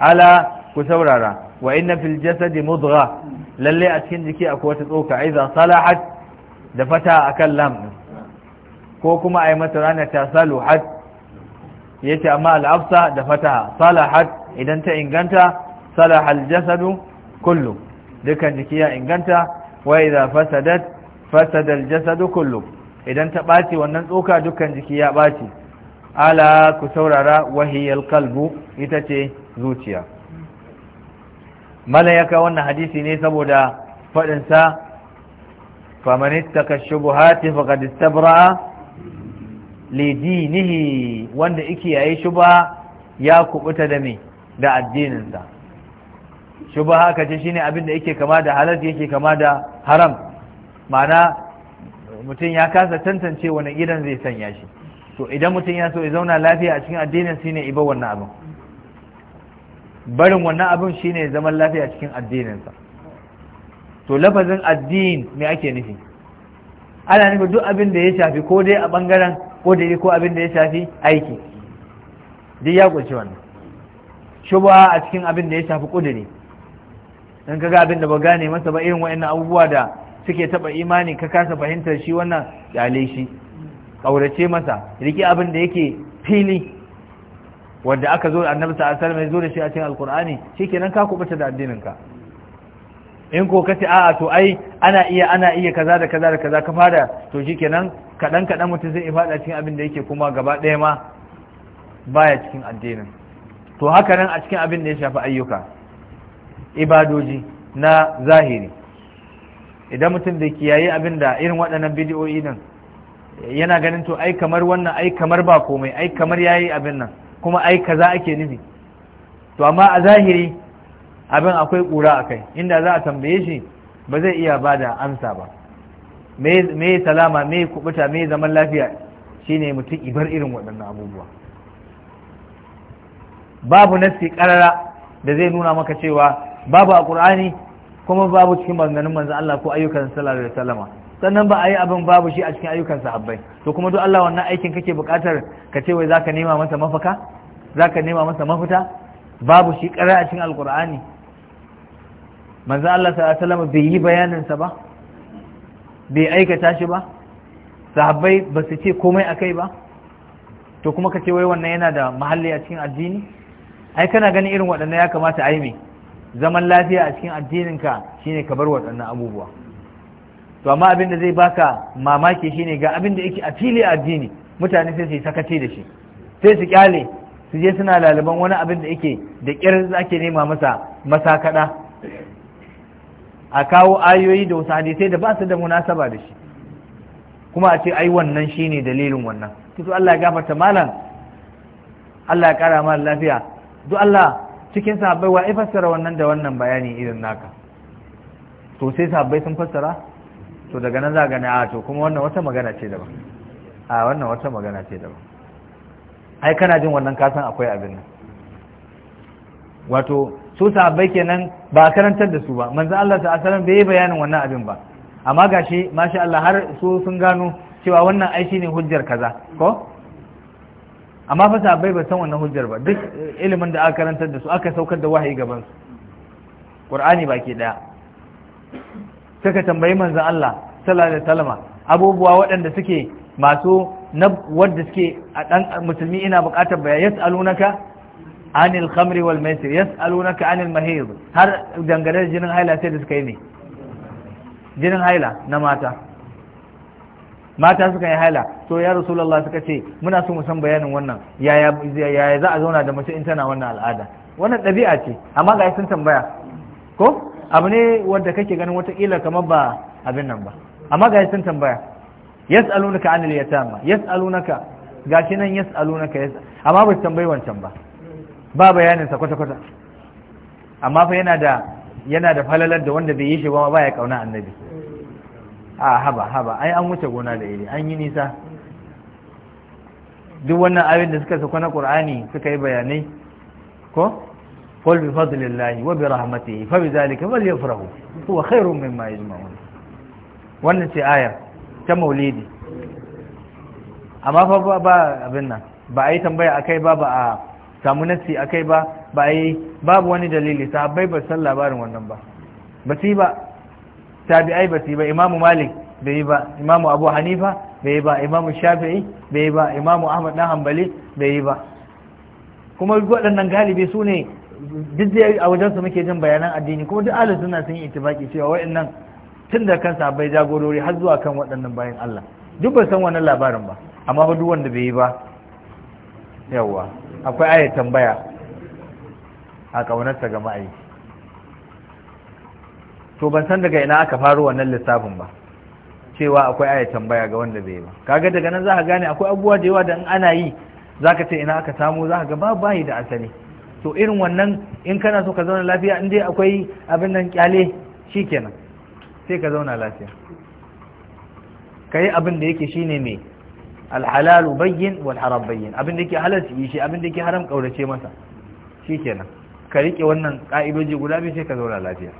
ala ku saurara wa inna fil jasadi mudgha lalle a cikin jiki akwai wata tsoka aiza salahat da fata akan lam ko kuma ai mata rana ta saluhat yace amma al da fataha salahat idan ta inganta salahal jasadu kullum dukan jiki ya inganta wai idza fasadat jasadu kullu idan ta ɓaci wannan tsoka dukan jiki ya ɓaci ala ku saurara wahiyar kalbu ita ce zuciya malayaka wannan hadisi ne saboda faɗinsa famanistaka shubuhati faqad istabra'a lidinihi wanda yake yayi shuba ya kubuta da me da addininsa shuba haka ce shine abin da yake kama da halal yake kama da haram ma'ana mutum ya kasa tantance wani gidan zai sanya shi to idan mutum ya so ya zauna lafiya a cikin addinin shine iba wannan abin barin wannan abin shine zaman lafiya a cikin addininsa to lafazin addin me ake nufi ana nufin duk abin da ya shafi ko dai a bangaren ƙudiri ko abin da ya shafi aiki duk ya ƙunshi wannan shubha a cikin abin da ya shafi ƙudiri in ka ga abin da ba gane masa ba irin wa'annan abubuwa da suke taba imani ka kasa fahimtar shi wannan ƙyale shi ƙaurace masa riƙe abin da yake fili wanda aka zo annabi sallallahu alaihi wasallam ya zo da shi a cikin alkur'ani shikenan ka kubuta da addinin ka in ko kace a'a to ai ana iya ana iya kaza da kaza da kaza ka fara to shikenan kadan kadan mutum zai fada cikin abin da yake kuma gaba ɗaya ma baya cikin addinin to haka nan a cikin abin da ya shafi ayyuka ibadoji na zahiri idan mutum da kiyaye abin da irin waɗannan bidiyoyi din yana ganin to ai kamar wannan ai kamar ba komai ai kamar yayi abin nan kuma ai kaza ake nufi to amma a zahiri abin akwai ƙura a kai inda za a tambaye shi ba zai iya ba da amsa ba me salama me kubuta me zaman lafiya shine mutum ibar irin waɗannan abubuwa babu nassi ƙarara da zai nuna maka cewa babu a ƙur'ani kuma babu cikin maganganun manzan Allah ko ayyukan sallallahu alaihi salama, sannan ba a yi abin babu shi a cikin ayyukan sahabbai to kuma duk Allah wannan aikin kake buƙatar ka ce wai zaka nema masa mafaka zaka nema masa mafita babu shi ƙarara a cikin alƙur'ani manzo Allah sallallahu alaihi bai yi bayanin sa ba bai aikata shi ba sahabbai ba su ce komai akai ba to kuma ka ce wai wannan yana da mahalli a cikin addini ai kana ganin irin waɗannan ya kamata a yi mai zaman lafiya a cikin addininka shine ka bar waɗannan abubuwa to amma abin da zai baka mamaki shine ga abin da yake a fili addini mutane sai su yi sakaci da shi sai su kyale su je suna laliban wani abin da yake da kyar ake nema masa masakada a kawo ayoyi da wasu hadisai da ba su da munasaba da shi kuma a ce ai wannan shine dalilin wannan kito Allah ya gafarta malam Allah ya kara mana lafiya duk Allah cikin sahabbai wa fassara wannan da wannan bayani irin naka to sai sahabbai sun fassara to daga nan za gane a ah, to kuma wannan wata magana ce daban a ah, wannan wata magana ce daban ai kana jin wannan kasan akwai abin nan wato su sahabbai kenan ba karantar da su ba manzo Allah ta asalan bai bayanin wannan abin ba amma gashi masha Allah har su sun gano cewa wannan ai ne hujjar kaza ko amma fa sahabbai ba san wannan hujjar ba duk ilimin da aka karantar da su aka saukar da wahayi gaban su Qur'ani baki daya suka tambayi manzo Allah sallallahu alaihi wasallam abubuwa waɗanda suke masu na wadda suke a ɗan musulmi ina buƙatar baya ya tsalunaka anil khamri wal maisir yas'alunaka anil mahid har dangane jinin haila sai da suka yi ne jinin haila na mata mata suka yi haila to ya rasulullah suka ce muna so mu san bayanin wannan yaya yaya za a zauna da mace in tana wannan al'ada wannan ɗabi'a ce amma ga sun tambaya ko abu ne wanda kake ganin watakila kamar ba abin nan ba amma ga sun tambaya yas'alunaka anil yatama yas'alunaka gashi nan yas'alunaka amma ba tambayi wancan ba ba bayaninsa kwata-kwata amma fa yana da yana da falalar da wanda bai yi shi ba ya kauna annabi a haba haba ai an wuce gona da iri an yi nisa duk wannan ayoyin da suka sauka na qur'ani suka yi bayanai ko qul bi fadlillahi wa bi rahmatihi fa bi zalika falyafrahu huwa khairun mimma yajma'un wannan ce aya ta maulidi amma fa ba abin nan ba a yi tambaya akai ba ba a samu nassi akai ba ba yi babu wani dalili sahabbai ba san labarin wannan ba ba su ba tabi'ai ba su ba imamu malik bai yi ba imamu abu hanifa bai yi ba imamu shafi'i bai yi ba imamu ahmad dan Hambali bai yi ba kuma waɗannan galibi su ne duk da a wajensu muke jin bayanan addini kuma duk ahlus sunna sun yi ittifaki cewa waɗannan tun da kan sahabbai jagorori har zuwa kan waɗannan bayan Allah duk ba san wannan labarin ba amma ba duk wanda bai yi ba yawwa akwai ayat tambaya a ƙaunarsa ga ma'aiki to ban san daga ina aka faru wannan lissafin ba cewa akwai ayat tambaya ga wanda bai ba kaga daga nan za ka gane akwai abubuwa da yawa da in ana yi za ka ce ina aka samu za ka ga ba bayi da asali to irin wannan in kana so ka zauna lafiya in dai akwai abin nan kyale kenan sai ka zauna lafiya ka yi abin da yake shine mai alhalalu bayyin wal haram bayyin abin da yake shi abin da haram kaurace masa shikenan ka rike wannan ka'idoji guda biyu sai ka zauna lafiya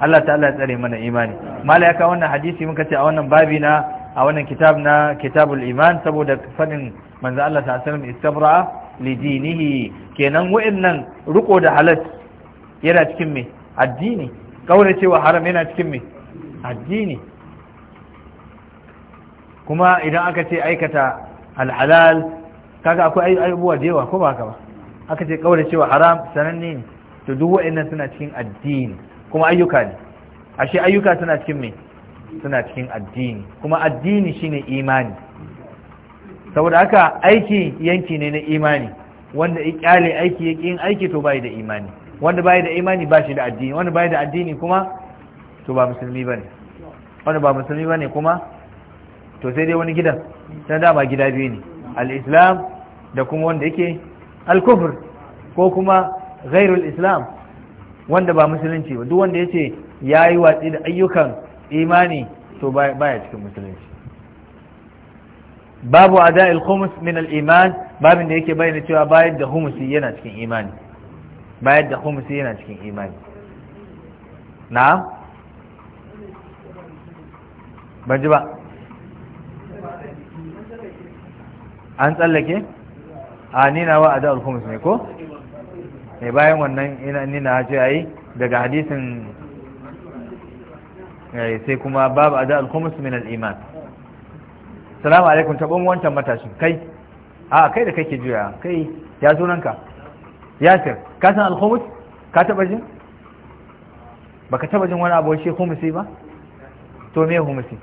Allah ta'ala ya tsare mana imani mala ya kawo wannan hadisi muka ce a wannan babi na a wannan kitab na kitabul iman saboda fadin manzo Allah ta sallam istabra li dinihi kenan wa'annan riko da halal yana cikin me addini kaurace wa haram yana cikin me addini kuma idan aka ce aikata alhalal kaga akwai abubuwa da yawa ko ba haka ba aka ce kawai cewa haram sananne ne to duk wa'annan suna cikin addini kuma ayyuka ne ashe ayyuka suna cikin me suna cikin addini kuma addini shine imani saboda haka aiki yanki ne na imani wanda ya kyale aiki ya kin aiki to bai da imani wanda bai da imani ba shi da addini wanda bai da addini kuma to ba musulmi bane wanda ba musulmi bane kuma to sai dai wani gidan na dama gida biyu ne al'islam da kuma wanda yake al-kufr ko kuma ghairul islam wanda ba musulunci ba duk wanda ya yi watsi da ayyukan imani to baya cikin musulunci babu da’il khumus min al’iman iman babin da yake bayyana cewa bayar da humusi yana cikin imani bayar da humusi yana cikin imani na ban ji ba an tsallake a nina wa a da'ul kumus ne ko mai eh, bayan wannan ina nina ce a yi daga hadisin eh, sai kuma babu a da'ul kumus minal iman salamu alaikum taɓon wancan matashin kai a kai da kake juya kai ya sunanka yasir ka san al ka taɓa jin baka taɓa jin wani abu shi khumusi ba to me khumusi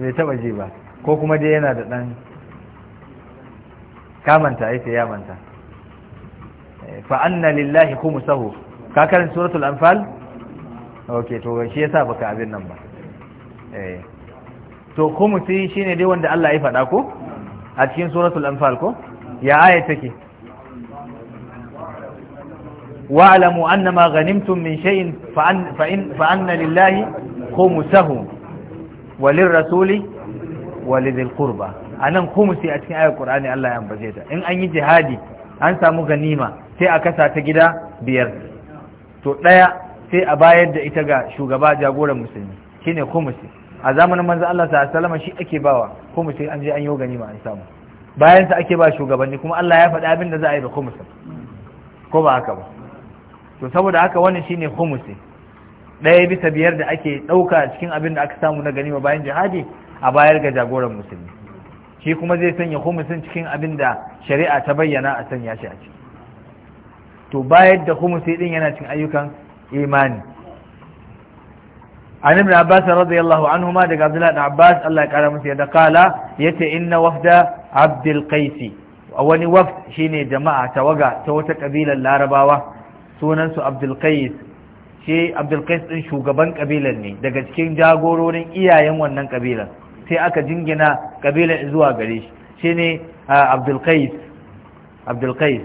bai taba je ba ko kuma dai yana da ɗan kamanta ai sai ya manta eh, fa anna lillahi khumsahu ka karin suratul anfal okay to shi yasa baka abin nan ba eh to khumsi shine dai wanda Allah ya faɗa ko a cikin suratul anfal ko ya aya take wa'lamu annama ghanimtum min shay'in fa fa anna lillahi khumsahu walin rasuli walidil qurba anan kumusi a cikin ayar qur'ani Allah ya ambace ta in an yi jihadi an samu ganima sai a kasa ta gida biyar to daya sai a bayar da ita ga shugaba jagoran musulmi shine kumusi a zamanin manzo Allah sallallahu alaihi wasallam shi ake bawa kumusi an je an yi ganima an samu bayan sa ake ba shugabanni kuma Allah ya faɗi abin da za a yi da kumusi ko ba haka ba to saboda haka wannan shine kumusi ɗaya bisa biyar da ake ɗauka cikin abin da aka samu na ganima bayan jihadi a bayar ga jagoran musulmi shi kuma zai sanya humusin cikin abin da shari'a ta bayyana a sanya shi a ciki to bayar da humusi din yana cikin ayyukan imani an ibn abbas radiyallahu anhu ma daga abdullahi da abbas Allah ya kara musu yadda kala yace inna wafda abdul qais wani wafd shine jama'a tawaga ta wata kabilar larabawa sunansu abdul shi abdulkais din shugaban kabilan ne daga cikin jagororin iyayen wannan kabilan sai aka jingina kabilan zuwa gare shi shine abdulkais abdulkais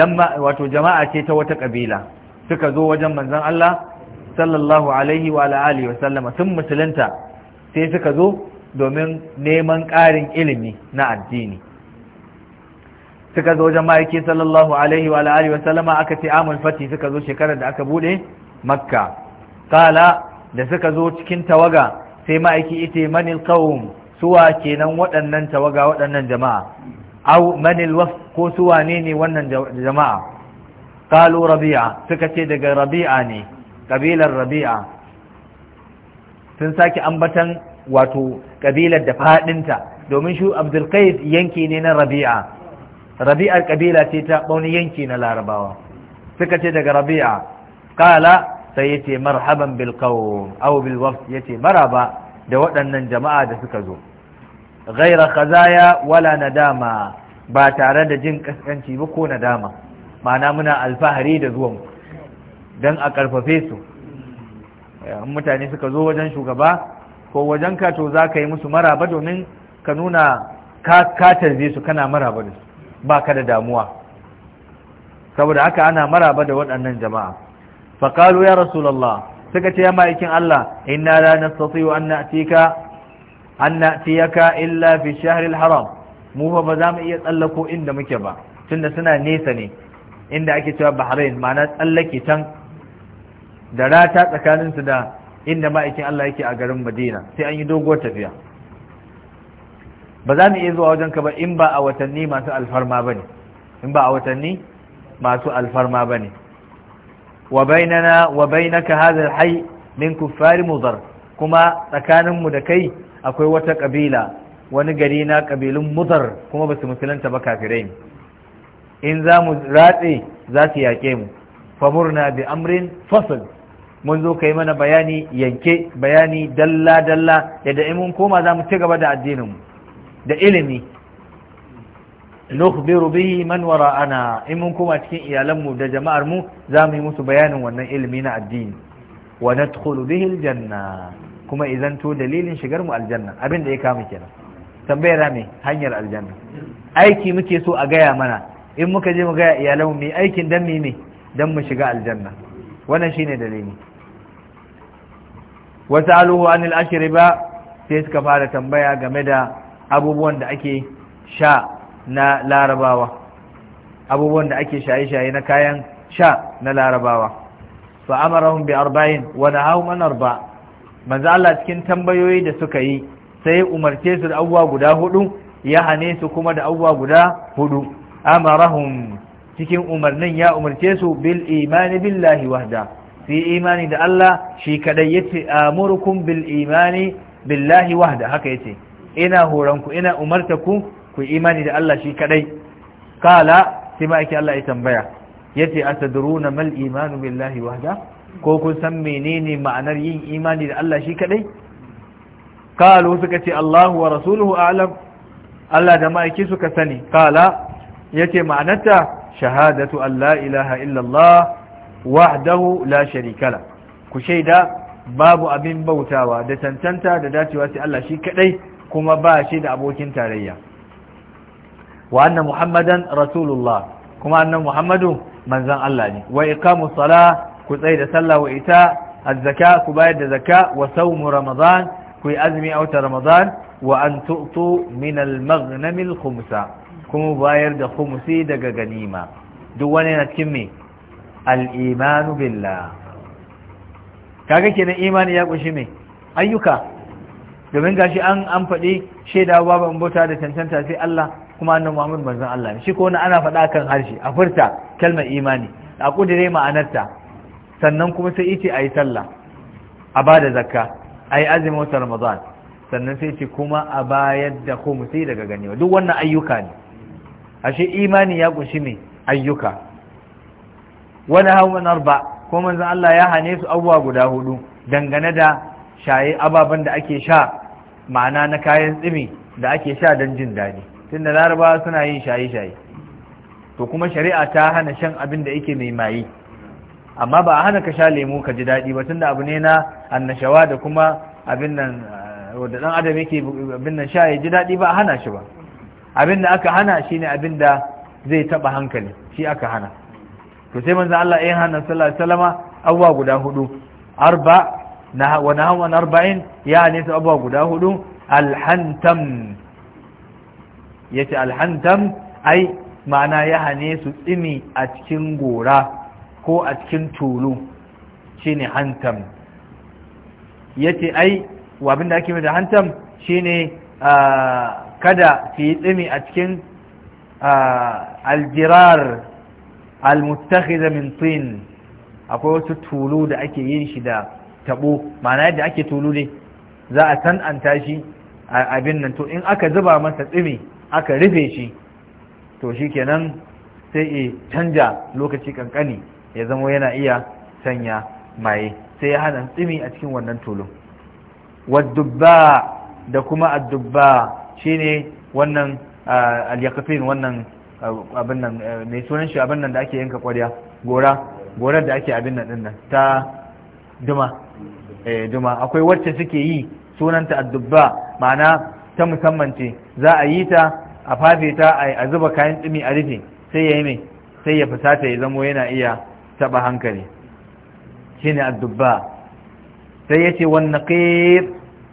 lamma wato jama'a ce ta wata kabila suka zo wajen manzon Allah sallallahu alaihi wa alihi wa sallama sun musulunta sai suka zo domin neman ƙarin ilimi na addini suka zo wajen ma'aiki sallallahu alaihi wa alihi wa sallama aka ce amul fati suka zo shekarar da aka bude makka kala da suka zo cikin tawaga sai ma'aiki ita manil qawm suwa kenan waɗannan tawaga waɗannan jama'a au manil waf ko suwa ne ne wannan jama'a qalu rabi'a suka ce daga rabi'a ne kabilar rabi'a sun sake ambatan wato kabilar da fadinta domin shu abdul qais yanki ne na rabi'a Rabi'ar kabila ce ta wani yanki na larabawa suka ce daga rabi'a kala sai yace marhaban bil qawm aw bil ya yace maraba da waɗannan jama'a da suka zo ghaira khazaya wala nadama ba tare da jin kaskanci ba ko nadama ma'ana muna alfahari da zuwan dan a karfafe su mutane suka zo wajen shugaba ko wajen ka to za ka yi musu maraba domin ka nuna ka tarbe su kana maraba da su ba ka da damuwa saboda haka ana maraba da waɗannan jama'a faƙalu ya rasulallah suka ce ya ma'aikin Allah inna la nastati'u an na'tika an na'tiyaka illa fi shahril haram mu fa ba za mu iya tsallako inda muke ba tunda suna nesa ne inda ake cewa Bahrain ma'ana tsallake tan da rata tsakaninsu da inda ma'aikin Allah yake a garin Madina sai an yi doguwar tafiya ba za mu iya zuwa wajenka ba in ba a watanni masu alfarma ne, in ba a watanni masu alfarma ne. wa bainana wa bainaka hadha alhay min kuffari mudar kuma tsakanin mu da kai akwai wata kabila wani gari na kabilun muzar kuma ba su musulunta ba kafirai ne in za mu ratse za su yaƙe mu famurna bi amrin fasl mun zo kai mana bayani yanke bayani dalla dalla yadda in mun koma za mu ci gaba da addinin mu da ilimi nukhbiru bihi man wara'ana in mun kuma cikin iyalanmu da jama'ar mu za mu yi musu bayanin wannan ilimi na addini wa nadkhulu bihi aljanna kuma idan to dalilin shigar mu aljanna abin da ya kama kenan tambayar me hanyar aljanna aiki muke so a gaya mana in muka je mu gaya iyalanmu mu aikin dan me dan mu shiga aljanna wannan shine dalili wasaluhu anil ashriba sai suka fara tambaya game da abubuwan da ake sha na larabawa abubuwan da ake shaye-shaye na kayan sha na larabawa fa amarahum bi arba'in wa nahahum an arba manzo Allah cikin tambayoyi da suka yi sai umarce su da abubuwa guda hudu ya hane su kuma da abubuwa guda hudu amarahum cikin umarnin ya umarce su bil imani billahi wahda su yi imani da Allah shi kadai yace amurukum bil imani billahi wahda haka yace ina horanku ina umarta ku ku imani da Allah shi kadai kala sai ma ake Allah ya tambaya yace atadruna mal imanu billahi wahda ko kun san menene ma'anar yin imani da Allah shi kadai kalu suka ce Allahu wa rasuluhu a'lam Allah da ma'aiki suka sani kala yace ma'anarta shahadatu an la ilaha illa Allah wahdahu la sharika la ku shaida babu abin bautawa da tantanta da dacewa sai Allah shi kadai kuma ba shi da abokin tarayya wa anna muhammadan rasulullah kuma annan muhammadu manzan Allah ne wa iqamu sala ku tsai da sallah wa ita zaka ku bayar da zakka wa sawmu ramadan ku yi azumi a wata ramadan wa an tu'tu min al-maghnam al-khumsa kuma bayar da khumsi daga ganima duk wani yana cikin me al-imanu billah kaga kenan imani ya kushi me ayyuka domin gashi an an faɗi shaida babu bauta da tantanta sai Allah kuma annabi Muhammad manzon Allah shi ko wani ana faɗa kan harshe a furta kalmar imani a kudire ma'anarta sannan kuma sai yace ayi sallah a bada zakka ayi azumin watan Ramadan sannan sai yace kuma a bayar da khumsi daga ganewa duk wannan ayyuka ne ashe imani ya kunshi me ayyuka wani hawan arba ko manzon Allah ya hane su abubuwa guda hudu dangane da shaye ababen da ake sha ma'ana na kayan tsimi da ake sha don jin daɗi tun da larabawa suna yin shaye-shaye to kuma shari'a ta hana shan abin da yake mai maye amma ba a hana ka sha lemu ka ji daɗi ba tunda abu ne na annashawa da kuma abin nan eh, wanda ɗan adam yake abin nan sha ya ji daɗi ba a hana shi ba abin da aka hana shi ne abin da zai taɓa hankali shi aka hana to sai manzo Allah ya hana sallallahu alaihi wasallama abubuwa guda hudu arba wani hawan arba'in ya hane su abuwa guda hudu alhantam ya ce alhantam ai ma'ana ya hane su tsimi a cikin gora ko a cikin tulu shi ne hantam ya ce ai wabin da ake mai da hantam Shi ne. kada su yi tsimi a cikin aljirar almuttakhidha min tin akwai wasu tulu da ake yin shi da Taɓo, ma'ana yadda ake tulu ne za a san an tashi a abin nan to in aka zuba masa tsimi aka rufe shi to shi kenan sai e canja lokaci kankani ya zama yana iya sanya maye sai ya hana tsimi a cikin wannan Wa wadubba da kuma addubba shine wannan al wannan abin nan mai sunan shi abin nan da ake yanka kwarya gora gorar da ake abin nan din nan ta duma Eh, juma akwai wacce suke yi sunanta addubba ma'ana ta musamman ce za a yi ta a fafe ta a zuba kayan tsimi a rufe sai ya yi mai sai ya fusata ya zamo yana iya taba hankali shi ne addubba sai yace ce naqir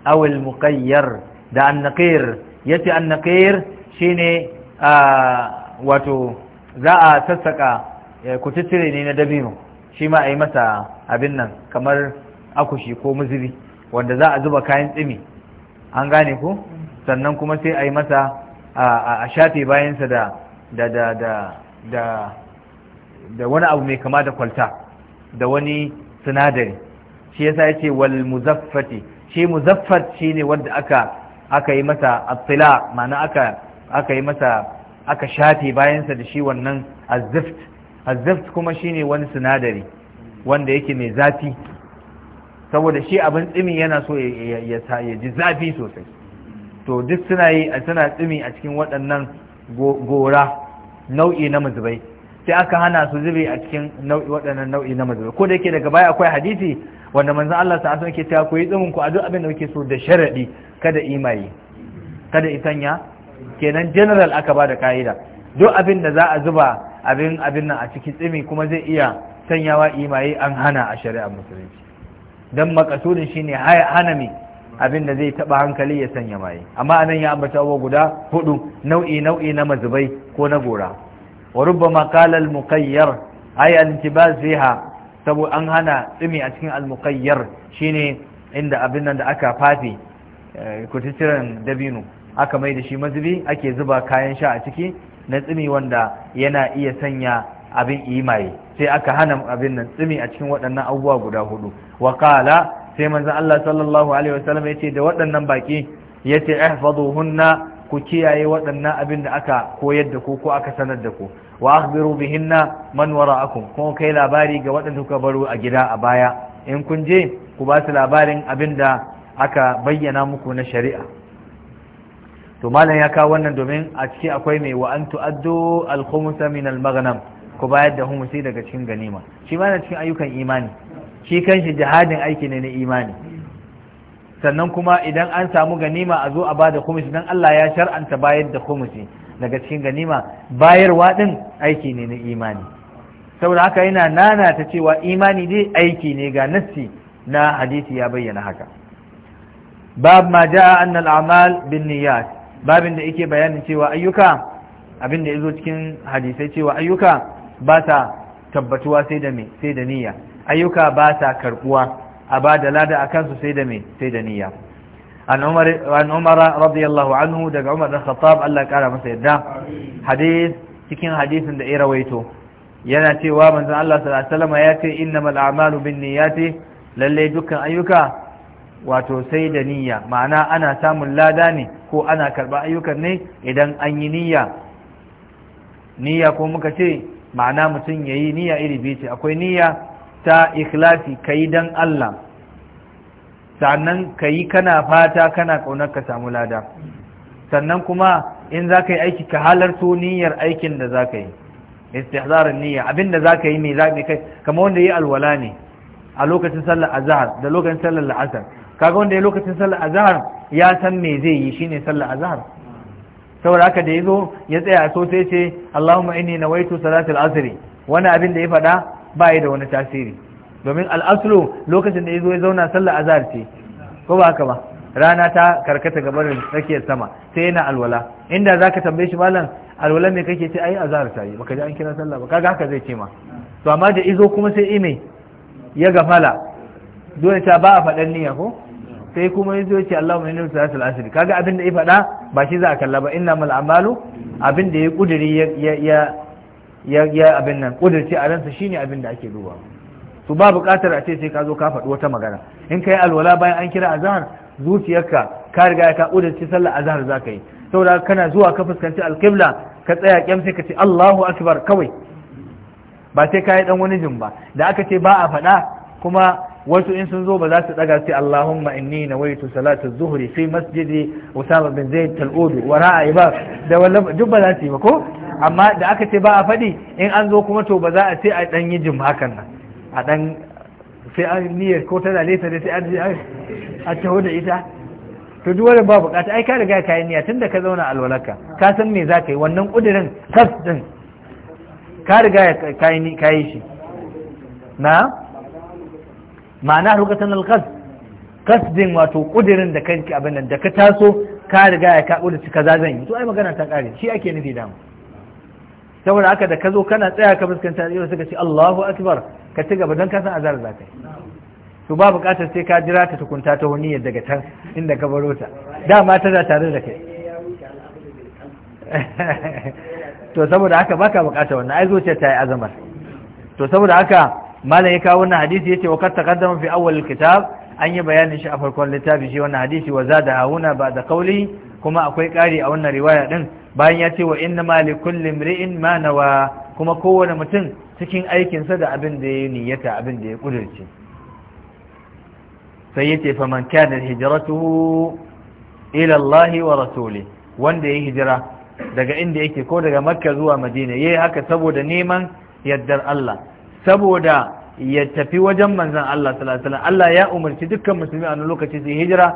aw al muƙayyar da ya naqir yace an shi ne wato za a sassaka eh, kututtire ne na dabino shi ma a yi masa abin nan kamar akushi ko muzubi wanda za a zuba kayan tsimi an gane ku sannan kuma sai a yi masa a shafe bayansa da da wani abu mai kama da kwalta da wani sinadari shi yasa yace wal muzaffati shi muzaffat shine wanda aka aka yi masa attila ma'ana aka aka yi masa aka shafe bayansa da shi wannan azzift azzift kuma shine wani sinadari wanda yake mai zafi saboda shi abin tsimi yana so ya ji zafi sosai to duk suna yi a suna tsimi a cikin waɗannan gora nau'i na mazubai sai aka hana su zube a cikin waɗannan nau'i na mazubai ko da yake daga baya akwai hadisi wanda manzon Allah ta asama ke cewa ku yi tsimin ku a duk abin da kuke so da sharaɗi kada imayi kada isanya kenan general aka ba da ka'ida duk abin da za a zuba abin abin nan a cikin tsimi kuma zai iya sanyawa imaye an hana a shari'ar musulunci dan makasudin shine hana me abin da zai taba hankali ya sanya maye amma anan ya ambata wa guda hudu nau'i nau'i na mazubai ko na gora wa rubbama qala al muqayyar ay al intibaz fiha sabo an hana tsimi a cikin al muqayyar shine inda abin nan da aka fafi eh, kutitiran dabino aka mai da shi mazubi ake zuba kayan sha a ciki na tsimi wanda yana iya sanya abin imaye sai aka hana abin nan tsimi a cikin waɗannan abubuwa guda hudu wa kala sai manzan Allah sallallahu alaihi wasallam yace da waɗannan baki yace hunna ku kiyaye waɗannan abin da aka koyar da ku ko aka sanar da ku wa akhbiru bihinna man wara'akum kuma kai labari ga waɗanda kuka baro a gida a baya in kun je ku ba su labarin abin da aka bayyana muku na shari'a to malam ya kawo wannan domin a ciki akwai mai wa an tu'addu al-khumsa min al-maghnam ku bayar da humusi daga cikin ganima shi ma na cikin ayyukan imani shi kan shi jihadin aiki ne na imani sannan kuma idan an samu ganima a zo a bada kumusi dan Allah ya shar'anta bayar da kumusi daga cikin ganima bayarwa din aiki ne na imani saboda haka yana nana ta cewa imani dai aiki ne ga nassi na hadisi ya bayyana haka bab ma ja'a anna amal bin niyyat babin da yake bayanin cewa ayyuka abin da yazo cikin hadisai cewa ayyuka ba ta tabbatuwa sai da me sai da niyya ayyuka ba sa karbuwa a ba da lada a kansu sai da mai sai da niyya an umar radiyallahu anhu daga umar da khattab Allah kara masa yadda hadith cikin hadisin da ya rawaito yana cewa manzon Allah sallallahu alaihi wasallam ya ce innamal a'malu niyyati lalle dukkan ayyuka wato sai da niyya ma'ana ana samun lada ne ko ana karba ayyukan ne idan an yi niyya niyya ko muka ce ma'ana mutum yayi niyya iri biyu akwai niyya ta ikhlasi ka yi don Allah sannan ka yi kana fata kana ƙaunar ka samu lada sannan kuma in za ka yi aiki ka halarto niyyar aikin da za ka yi istihzarin niyya abin da za ka yi mai zaɓi kai kama wanda ya alwala ne a lokacin sallar azahar da lokacin sallar la'asar kaga wanda ya lokacin sallar azahar ya san me zai yi shine sallar azahar saboda haka da ya zo ya tsaya a so sai ce Allahumma inni nawaitu salatul asri wani abin da ya faɗa ba da wani tasiri domin al'aslu lokacin da ya zo ya zauna sallah azhar ce ko ba haka ba rana ta karkata gabarin tsakiyar sama sai yana alwala inda zaka tambaye shi malam alwala me kake ce ai azhar ta yi baka ji an kira sallah ba kaga haka zai ce ma to amma da izo kuma sai ime ya gafala dole ta ba a faɗan niyya ko sai kuma ya ya ce Allahumma inni salatul asr kaga abin da ya faɗa ba shi za a kalla ba innamal a'malu abin da ya kudiri ya ya abin nan kudirce a ransa shine abin da ake duba su ba bukatar a ce sai ka zo ka faɗi wata magana in ka yi alwala bayan an kira azahar zuciyarka ka riga ka kudirce sallar za ka yi saboda kana zuwa ka fuskanci alkibla ka tsaya kyam sai ka ce Allahu akbar kawai ba sai ka yi dan wani jin ba da aka ce ba a faɗa kuma wasu in sun zo ba za su daga sai Allahumma inni nawaitu salatu zuhri fi masjidi Usama bin Zaid tal'udu wa ra'a da wallan duk ba za su yi ba ko amma da aka ce ba a faɗi in an zo kuma to ba za a ce a ɗan yi jim hakan nan a ɗan sai an niyyar ko tana nesa da sai an je a taho da ita to duk wanda ba bukata ai ka riga ka yi niyya tunda ka zauna alwalarka ka san me za ka yi wannan kudirin kas din ka riga ka yi shi na ma'ana rukatan alqas kasdin wato ƙudurin da kai abin nan da ka taso ka riga ya ka za kaza zan yi to ai magana ta ƙare shi ake nufi dama saboda haka da ka zo kana tsaya ka fuskanta yau suka ce Allahu akbar ka ci gaba don ka san azar za ka yi to ba buƙatar sai ka jira ta tukunta ta wani yadda ga ta inda ka baro ta dama tana tare da kai to saboda haka baka buƙatar wannan ai zuciya ta yi azamar to saboda haka malam ya kawo wannan hadisi yace wa ta taqaddama fi awwal kitab an yi bayanin shi a farkon littafi shi wannan hadisi wa zada hauna ba da kauli kuma akwai ƙari a wannan riwaya din bayan ya ce wa inna mali li kulli ma nawa kuma kowane mutum cikin aikinsa da abin da ya niyyata abin da ya kudirce sai yace fa man kana hijratuhu ila Allah wa rasuli wanda ya hijira daga inda yake ko daga Makka zuwa Madina yayi haka saboda neman yaddar Allah saboda ya tafi wajen manzon Allah sallallahu alaihi Allah ya umarci dukkan musulmi a lokaci su hijira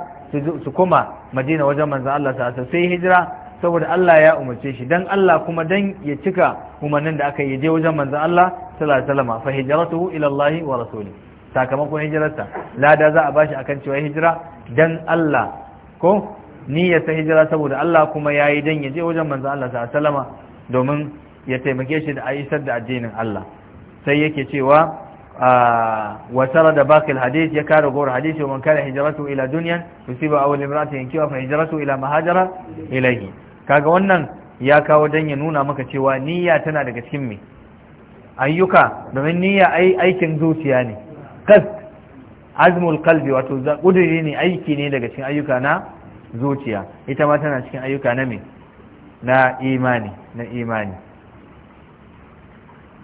su koma Madina wajen manzon Allah sallallahu alaihi sai hijira saboda Allah ya umarce shi dan Allah kuma dan ya cika umarnin da aka yi je wajen manzon Allah sallallahu alaihi wasallam fa hijratuhu ila Allah wa rasuli sakamakon hijirarsa lada za a bashi akan cewa hijira dan Allah ko ni ya ta hijira saboda Allah kuma ya yi dan ya je wajen manzon Allah sallallahu alaihi wasallam domin ya taimake shi da aisar da addinin Allah sai yake cewa وسرد باقي الحديث يكاد غور حديث ومن كان هجرته إلى دنيا يصيب أول امرأة ينكوها فهجرته إلى ila mahajara, إليه kaga wannan ya kawo don ya nuna maka cewa niyya tana daga cikin mai. ayyuka domin niyya ai aikin zuciya ne Kas azmul kalbi wato kudiri ne aiki ne daga cikin ayyuka na zuciya ita ma tana cikin ayyuka na mai, na imani na imani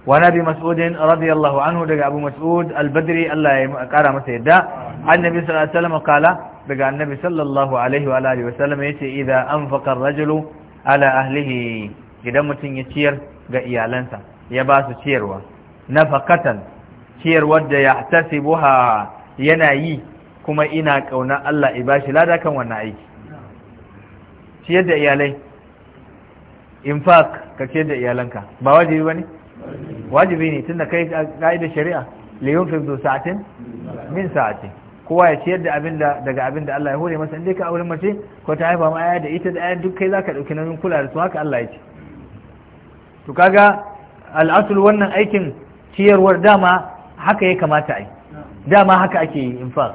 وعن ابي مسعود رضي الله عنه دغ ابو مسعود البدري الله يقرا مسا النبي صلى الله عليه وسلم قال daga annabi sallallahu alaihi wa alihi wasallam yace idza anfaqa ar-rajulu ala ahlihi idan mutum ya ciyar ga iyalansa ya ba su ciyarwa nafaqatan ciyarwar da yahtasibuha yana yi kuma ina kauna Allah ya bashi lada kan wannan aiki ciyar da iyalai infaq ka ciyar da iyalanka ba wajibi bane wajibi ne tunda kai ka'idar shari'a li yunfiq sa'atin min sa'atin kowa ya ciyar da abin da daga abin da Allah ya hore masa indai ka aure mace ko ta haifa ma aya da ita da aya duk kai zaka dauki nauyin kula da su haka Allah ya ce to kaga al'asul wannan aikin ciyarwar dama haka ya kamata ai dama haka ake yi infaq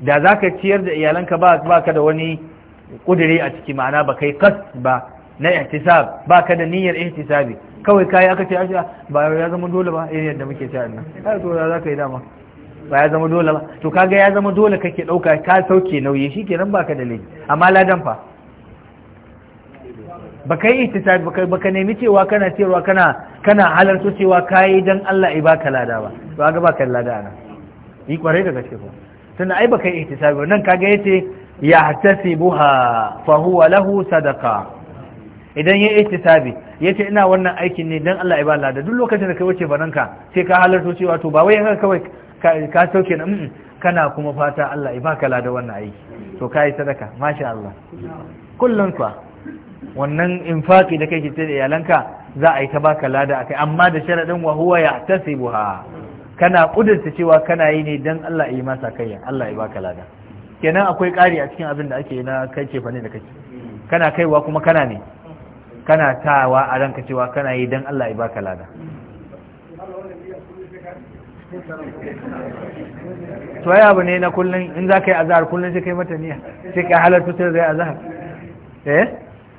da zaka ciyar da iyalanka ba ba ka da wani kudiri a ciki ma'ana ba kai kas ba na ihtisab ba ka da niyyar ihtisabi kawai kai aka ce ba ya zama dole ba irin yadda muke ta nan to za ka yi dama ba ya zama dole ba to kaga ya zama dole kake ɗauka ka sauke nauyi shi kenan baka da laifi amma ladan fa baka yi ihtisab baka baka nemi cewa kana cewa kana kana halarta cewa kai dan Allah ya baka lada ba to kaga baka lada ana yi kwarai da gaske ko tunda ai baka yi ba nan kaga yace yahtasibuha fa huwa lahu sadaqa idan ya ittisabi yace ina wannan aikin ne dan Allah ya ba lada duk lokacin da kai wuce bananka sai ka halarta cewa to ba wai haka kawai ka sauke na mm, kana kuma fata Allah ya baka lada wannan aiki to kai sadaka masha Allah kullun ka wannan infaki da kake ce da iyalanka za a yi ta baka lada akai amma da sharadin wa huwa ya'tasibuha kana kudurta cewa kana yi ne dan Allah ya yi masa kayya Allah ya baka lada kenan akwai ƙari a cikin abin da ake na kai ce fane da kake kana kaiwa kuma kana ne kana tawa a ranka cewa kana yi dan Allah ya baka lada to ya abu ne na kullum in za ka yi azahar kullum sai ka yi mata niyya sai ka halarta sai zai azahar eh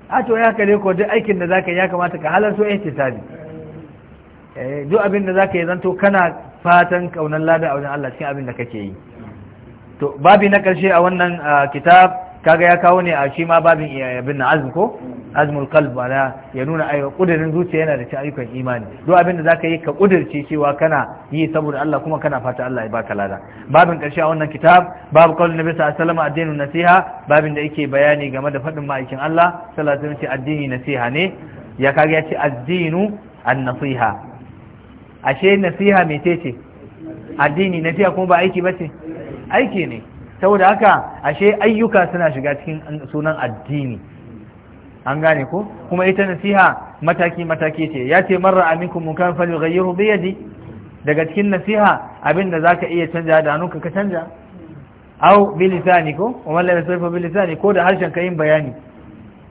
a to ya kare ko duk aikin da za ka yi ya kamata ka halarta ihtisabi eh duk abin da za ka yi zanto kana fatan kaunar lada a wajen Allah cikin abin da kake yi to babi na karshe a wannan kitab kaga ya kawo ne a shi ma babin abin na azmi ko azmul qalb wala ya nuna ai kudirin zuciya yana da ci ayyukan imani duk abin da zaka yi ka kudirce cewa kana yi saboda Allah kuma kana fata Allah ya baka lada babin karshe a wannan kitab babu qaulin nabi sallallahu alaihi wasallam addinu nasiha babin da yake bayani game da fadin ma'aikin Allah sallallahu alaihi wasallam addini nasiha ne ya kaga ya ce addinu an-nasiha ashe nasiha me ce addini nasiha kuma ba aiki bace aiki ne saboda haka ashe ayyuka suna shiga cikin sunan addini an gane ko kuma ita nasiha mataki mataki ce ya ce marra aminkum munkan falyughayyirhu bi yadi daga cikin nasiha abinda zaka iya canja da hannunka ka canja au bi lisani ko wa man la yasrifu bi lisani ko da harshen ka yin bayani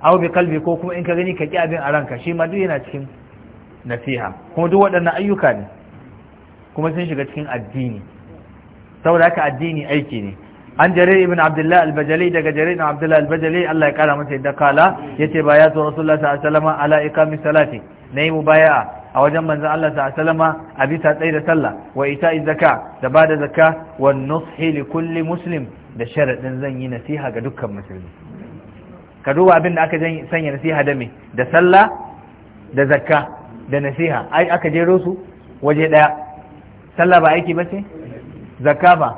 au bi kalbi ko kuma in ka gani ka ki abin a ranka shi ma duk yana cikin nasiha kuma duk waɗannan ayyuka ne kuma sun shiga cikin addini saboda haka addini aiki ne an jarir ibn Abdullahi al-bajali daga jarir ibn abdullahi al-bajali Allah ya kara masa yadda kala ce baya to rasulullah sallallahu alaihi wasallam ala iqami salati nayi mubaya'a a wajen manzan Allah sallallahu alaihi wasallam a bisa tsayi da sallah wa ita'i zakka da bada zakka wa nushi li kulli muslim da sharadin zan yi nasiha ga dukkan musulmi ka duba abin da aka sanya nasiha da me da sallah da zakka da nasiha ai aka jero su waje daya sallah ba aiki ba bace zakka ba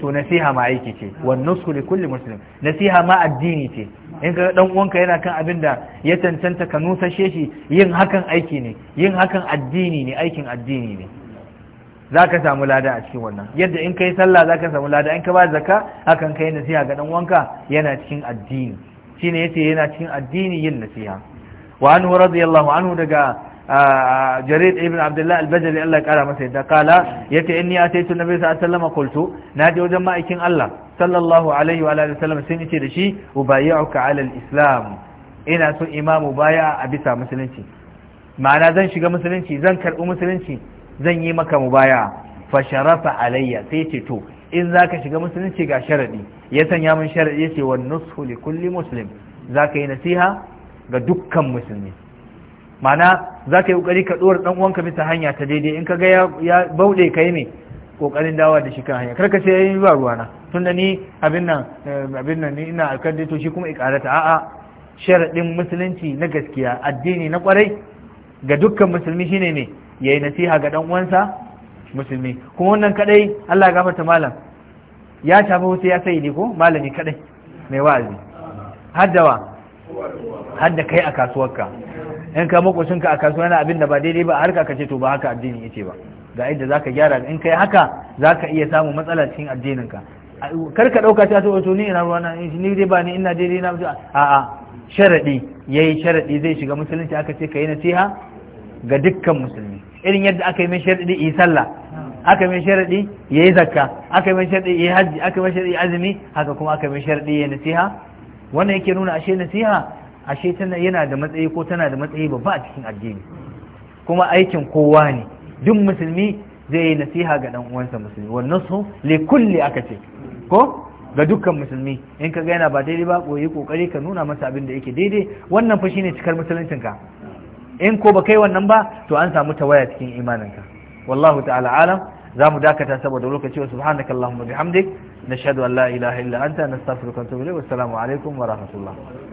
to nasiha ma aiki ce wan nusku li kulli muslim nasiha ma addini ce in ka dan uwanka yana kan abin da ya tantanta ka nusashe shi yin hakan aiki ne yin hakan addini ne aikin addini ne zaka samu lada a cikin wannan yadda in kai sallah zaka samu lada in ka ba zakka hakan kai nasiha ga dan uwanka yana cikin addini shine yace yana cikin addini yin nasiha wa anhu radiyallahu anhu daga jarid ibn abdullah al-bajali Allah ya kara masa yadda kala yace "Ini ataitu nabi sallallahu alaihi wasallam qultu naji wajen ma'aikin Allah sallallahu alaihi wa alihi wasallam da shi ubayyuka ala islam ina so imamu baya a bisa musulunci ma'ana zan shiga musulunci zan karbi musulunci zan yi maka mubaya fa sharafa alayya sai ce to in zaka shiga musulunci ga sharaɗi, ya sanya min sharadi yace wan nushu li kulli muslim zaka yi nasiha ga dukkan musulmi mana za ka yi ƙoƙari ka ɗora ɗan uwanka bisa hanya ta daidai in ka ga ya bauɗe ka yi ne ƙoƙarin dawa da shi kan hanya karka sai yayi ba ruwana tun da ni abin nan eh, abin nan ni ina alkaddi to shi kuma ikarata a'a sharaɗin musulunci na gaskiya addini na ƙwarai ga dukkan musulmi shine ne yi nasiha ga ɗan uwansa musulmi kuma wannan kaɗai, Allah ya gafarta malam ya shafi wasu ya sai ne ko malami kaɗai, mai wa'azi haddawa hadda kai a kasuwarka in ka makwashin ka a kasuwa yana abin da ba daidai ba harka ka ce to ba haka addini yace ba ga yadda zaka gyara in kai haka zaka iya samu matsala cikin addinin ka kar ka dauka ta to ni ina ruwa ni dai ba ni ina daidai na a a sharadi yayi sharadi zai shiga musulunci aka ce kai nasiha ga dukkan musulmi irin yadda aka yi mai sharadi yi sallah aka yi mai sharadi yayi zakka aka yi mai sharadi yayi hajji aka mai sharadi azumi haka kuma aka yi mai sharadi yayi nasiha wannan yake nuna ashe nasiha ashe tana yana da matsayi ko tana da matsayi babba a cikin addini kuma aikin kowa ne duk musulmi zai yi nasiha ga dan uwansa musulmi wannan su le kulli aka ce ko ga dukkan musulmi in ka ga yana ba daidai ba koyi kokari ka nuna masa abin da yake daidai wannan fa shine cikar musuluncin ka in ko ba kai wannan ba to an samu tawaya cikin imanin ka wallahu ta'ala alam za dakata saboda lokaci wa subhanaka allahumma bihamdik nashhadu an la ilaha illa anta nastaghfiruka wa atubu ilayk wa assalamu alaikum wa rahmatullah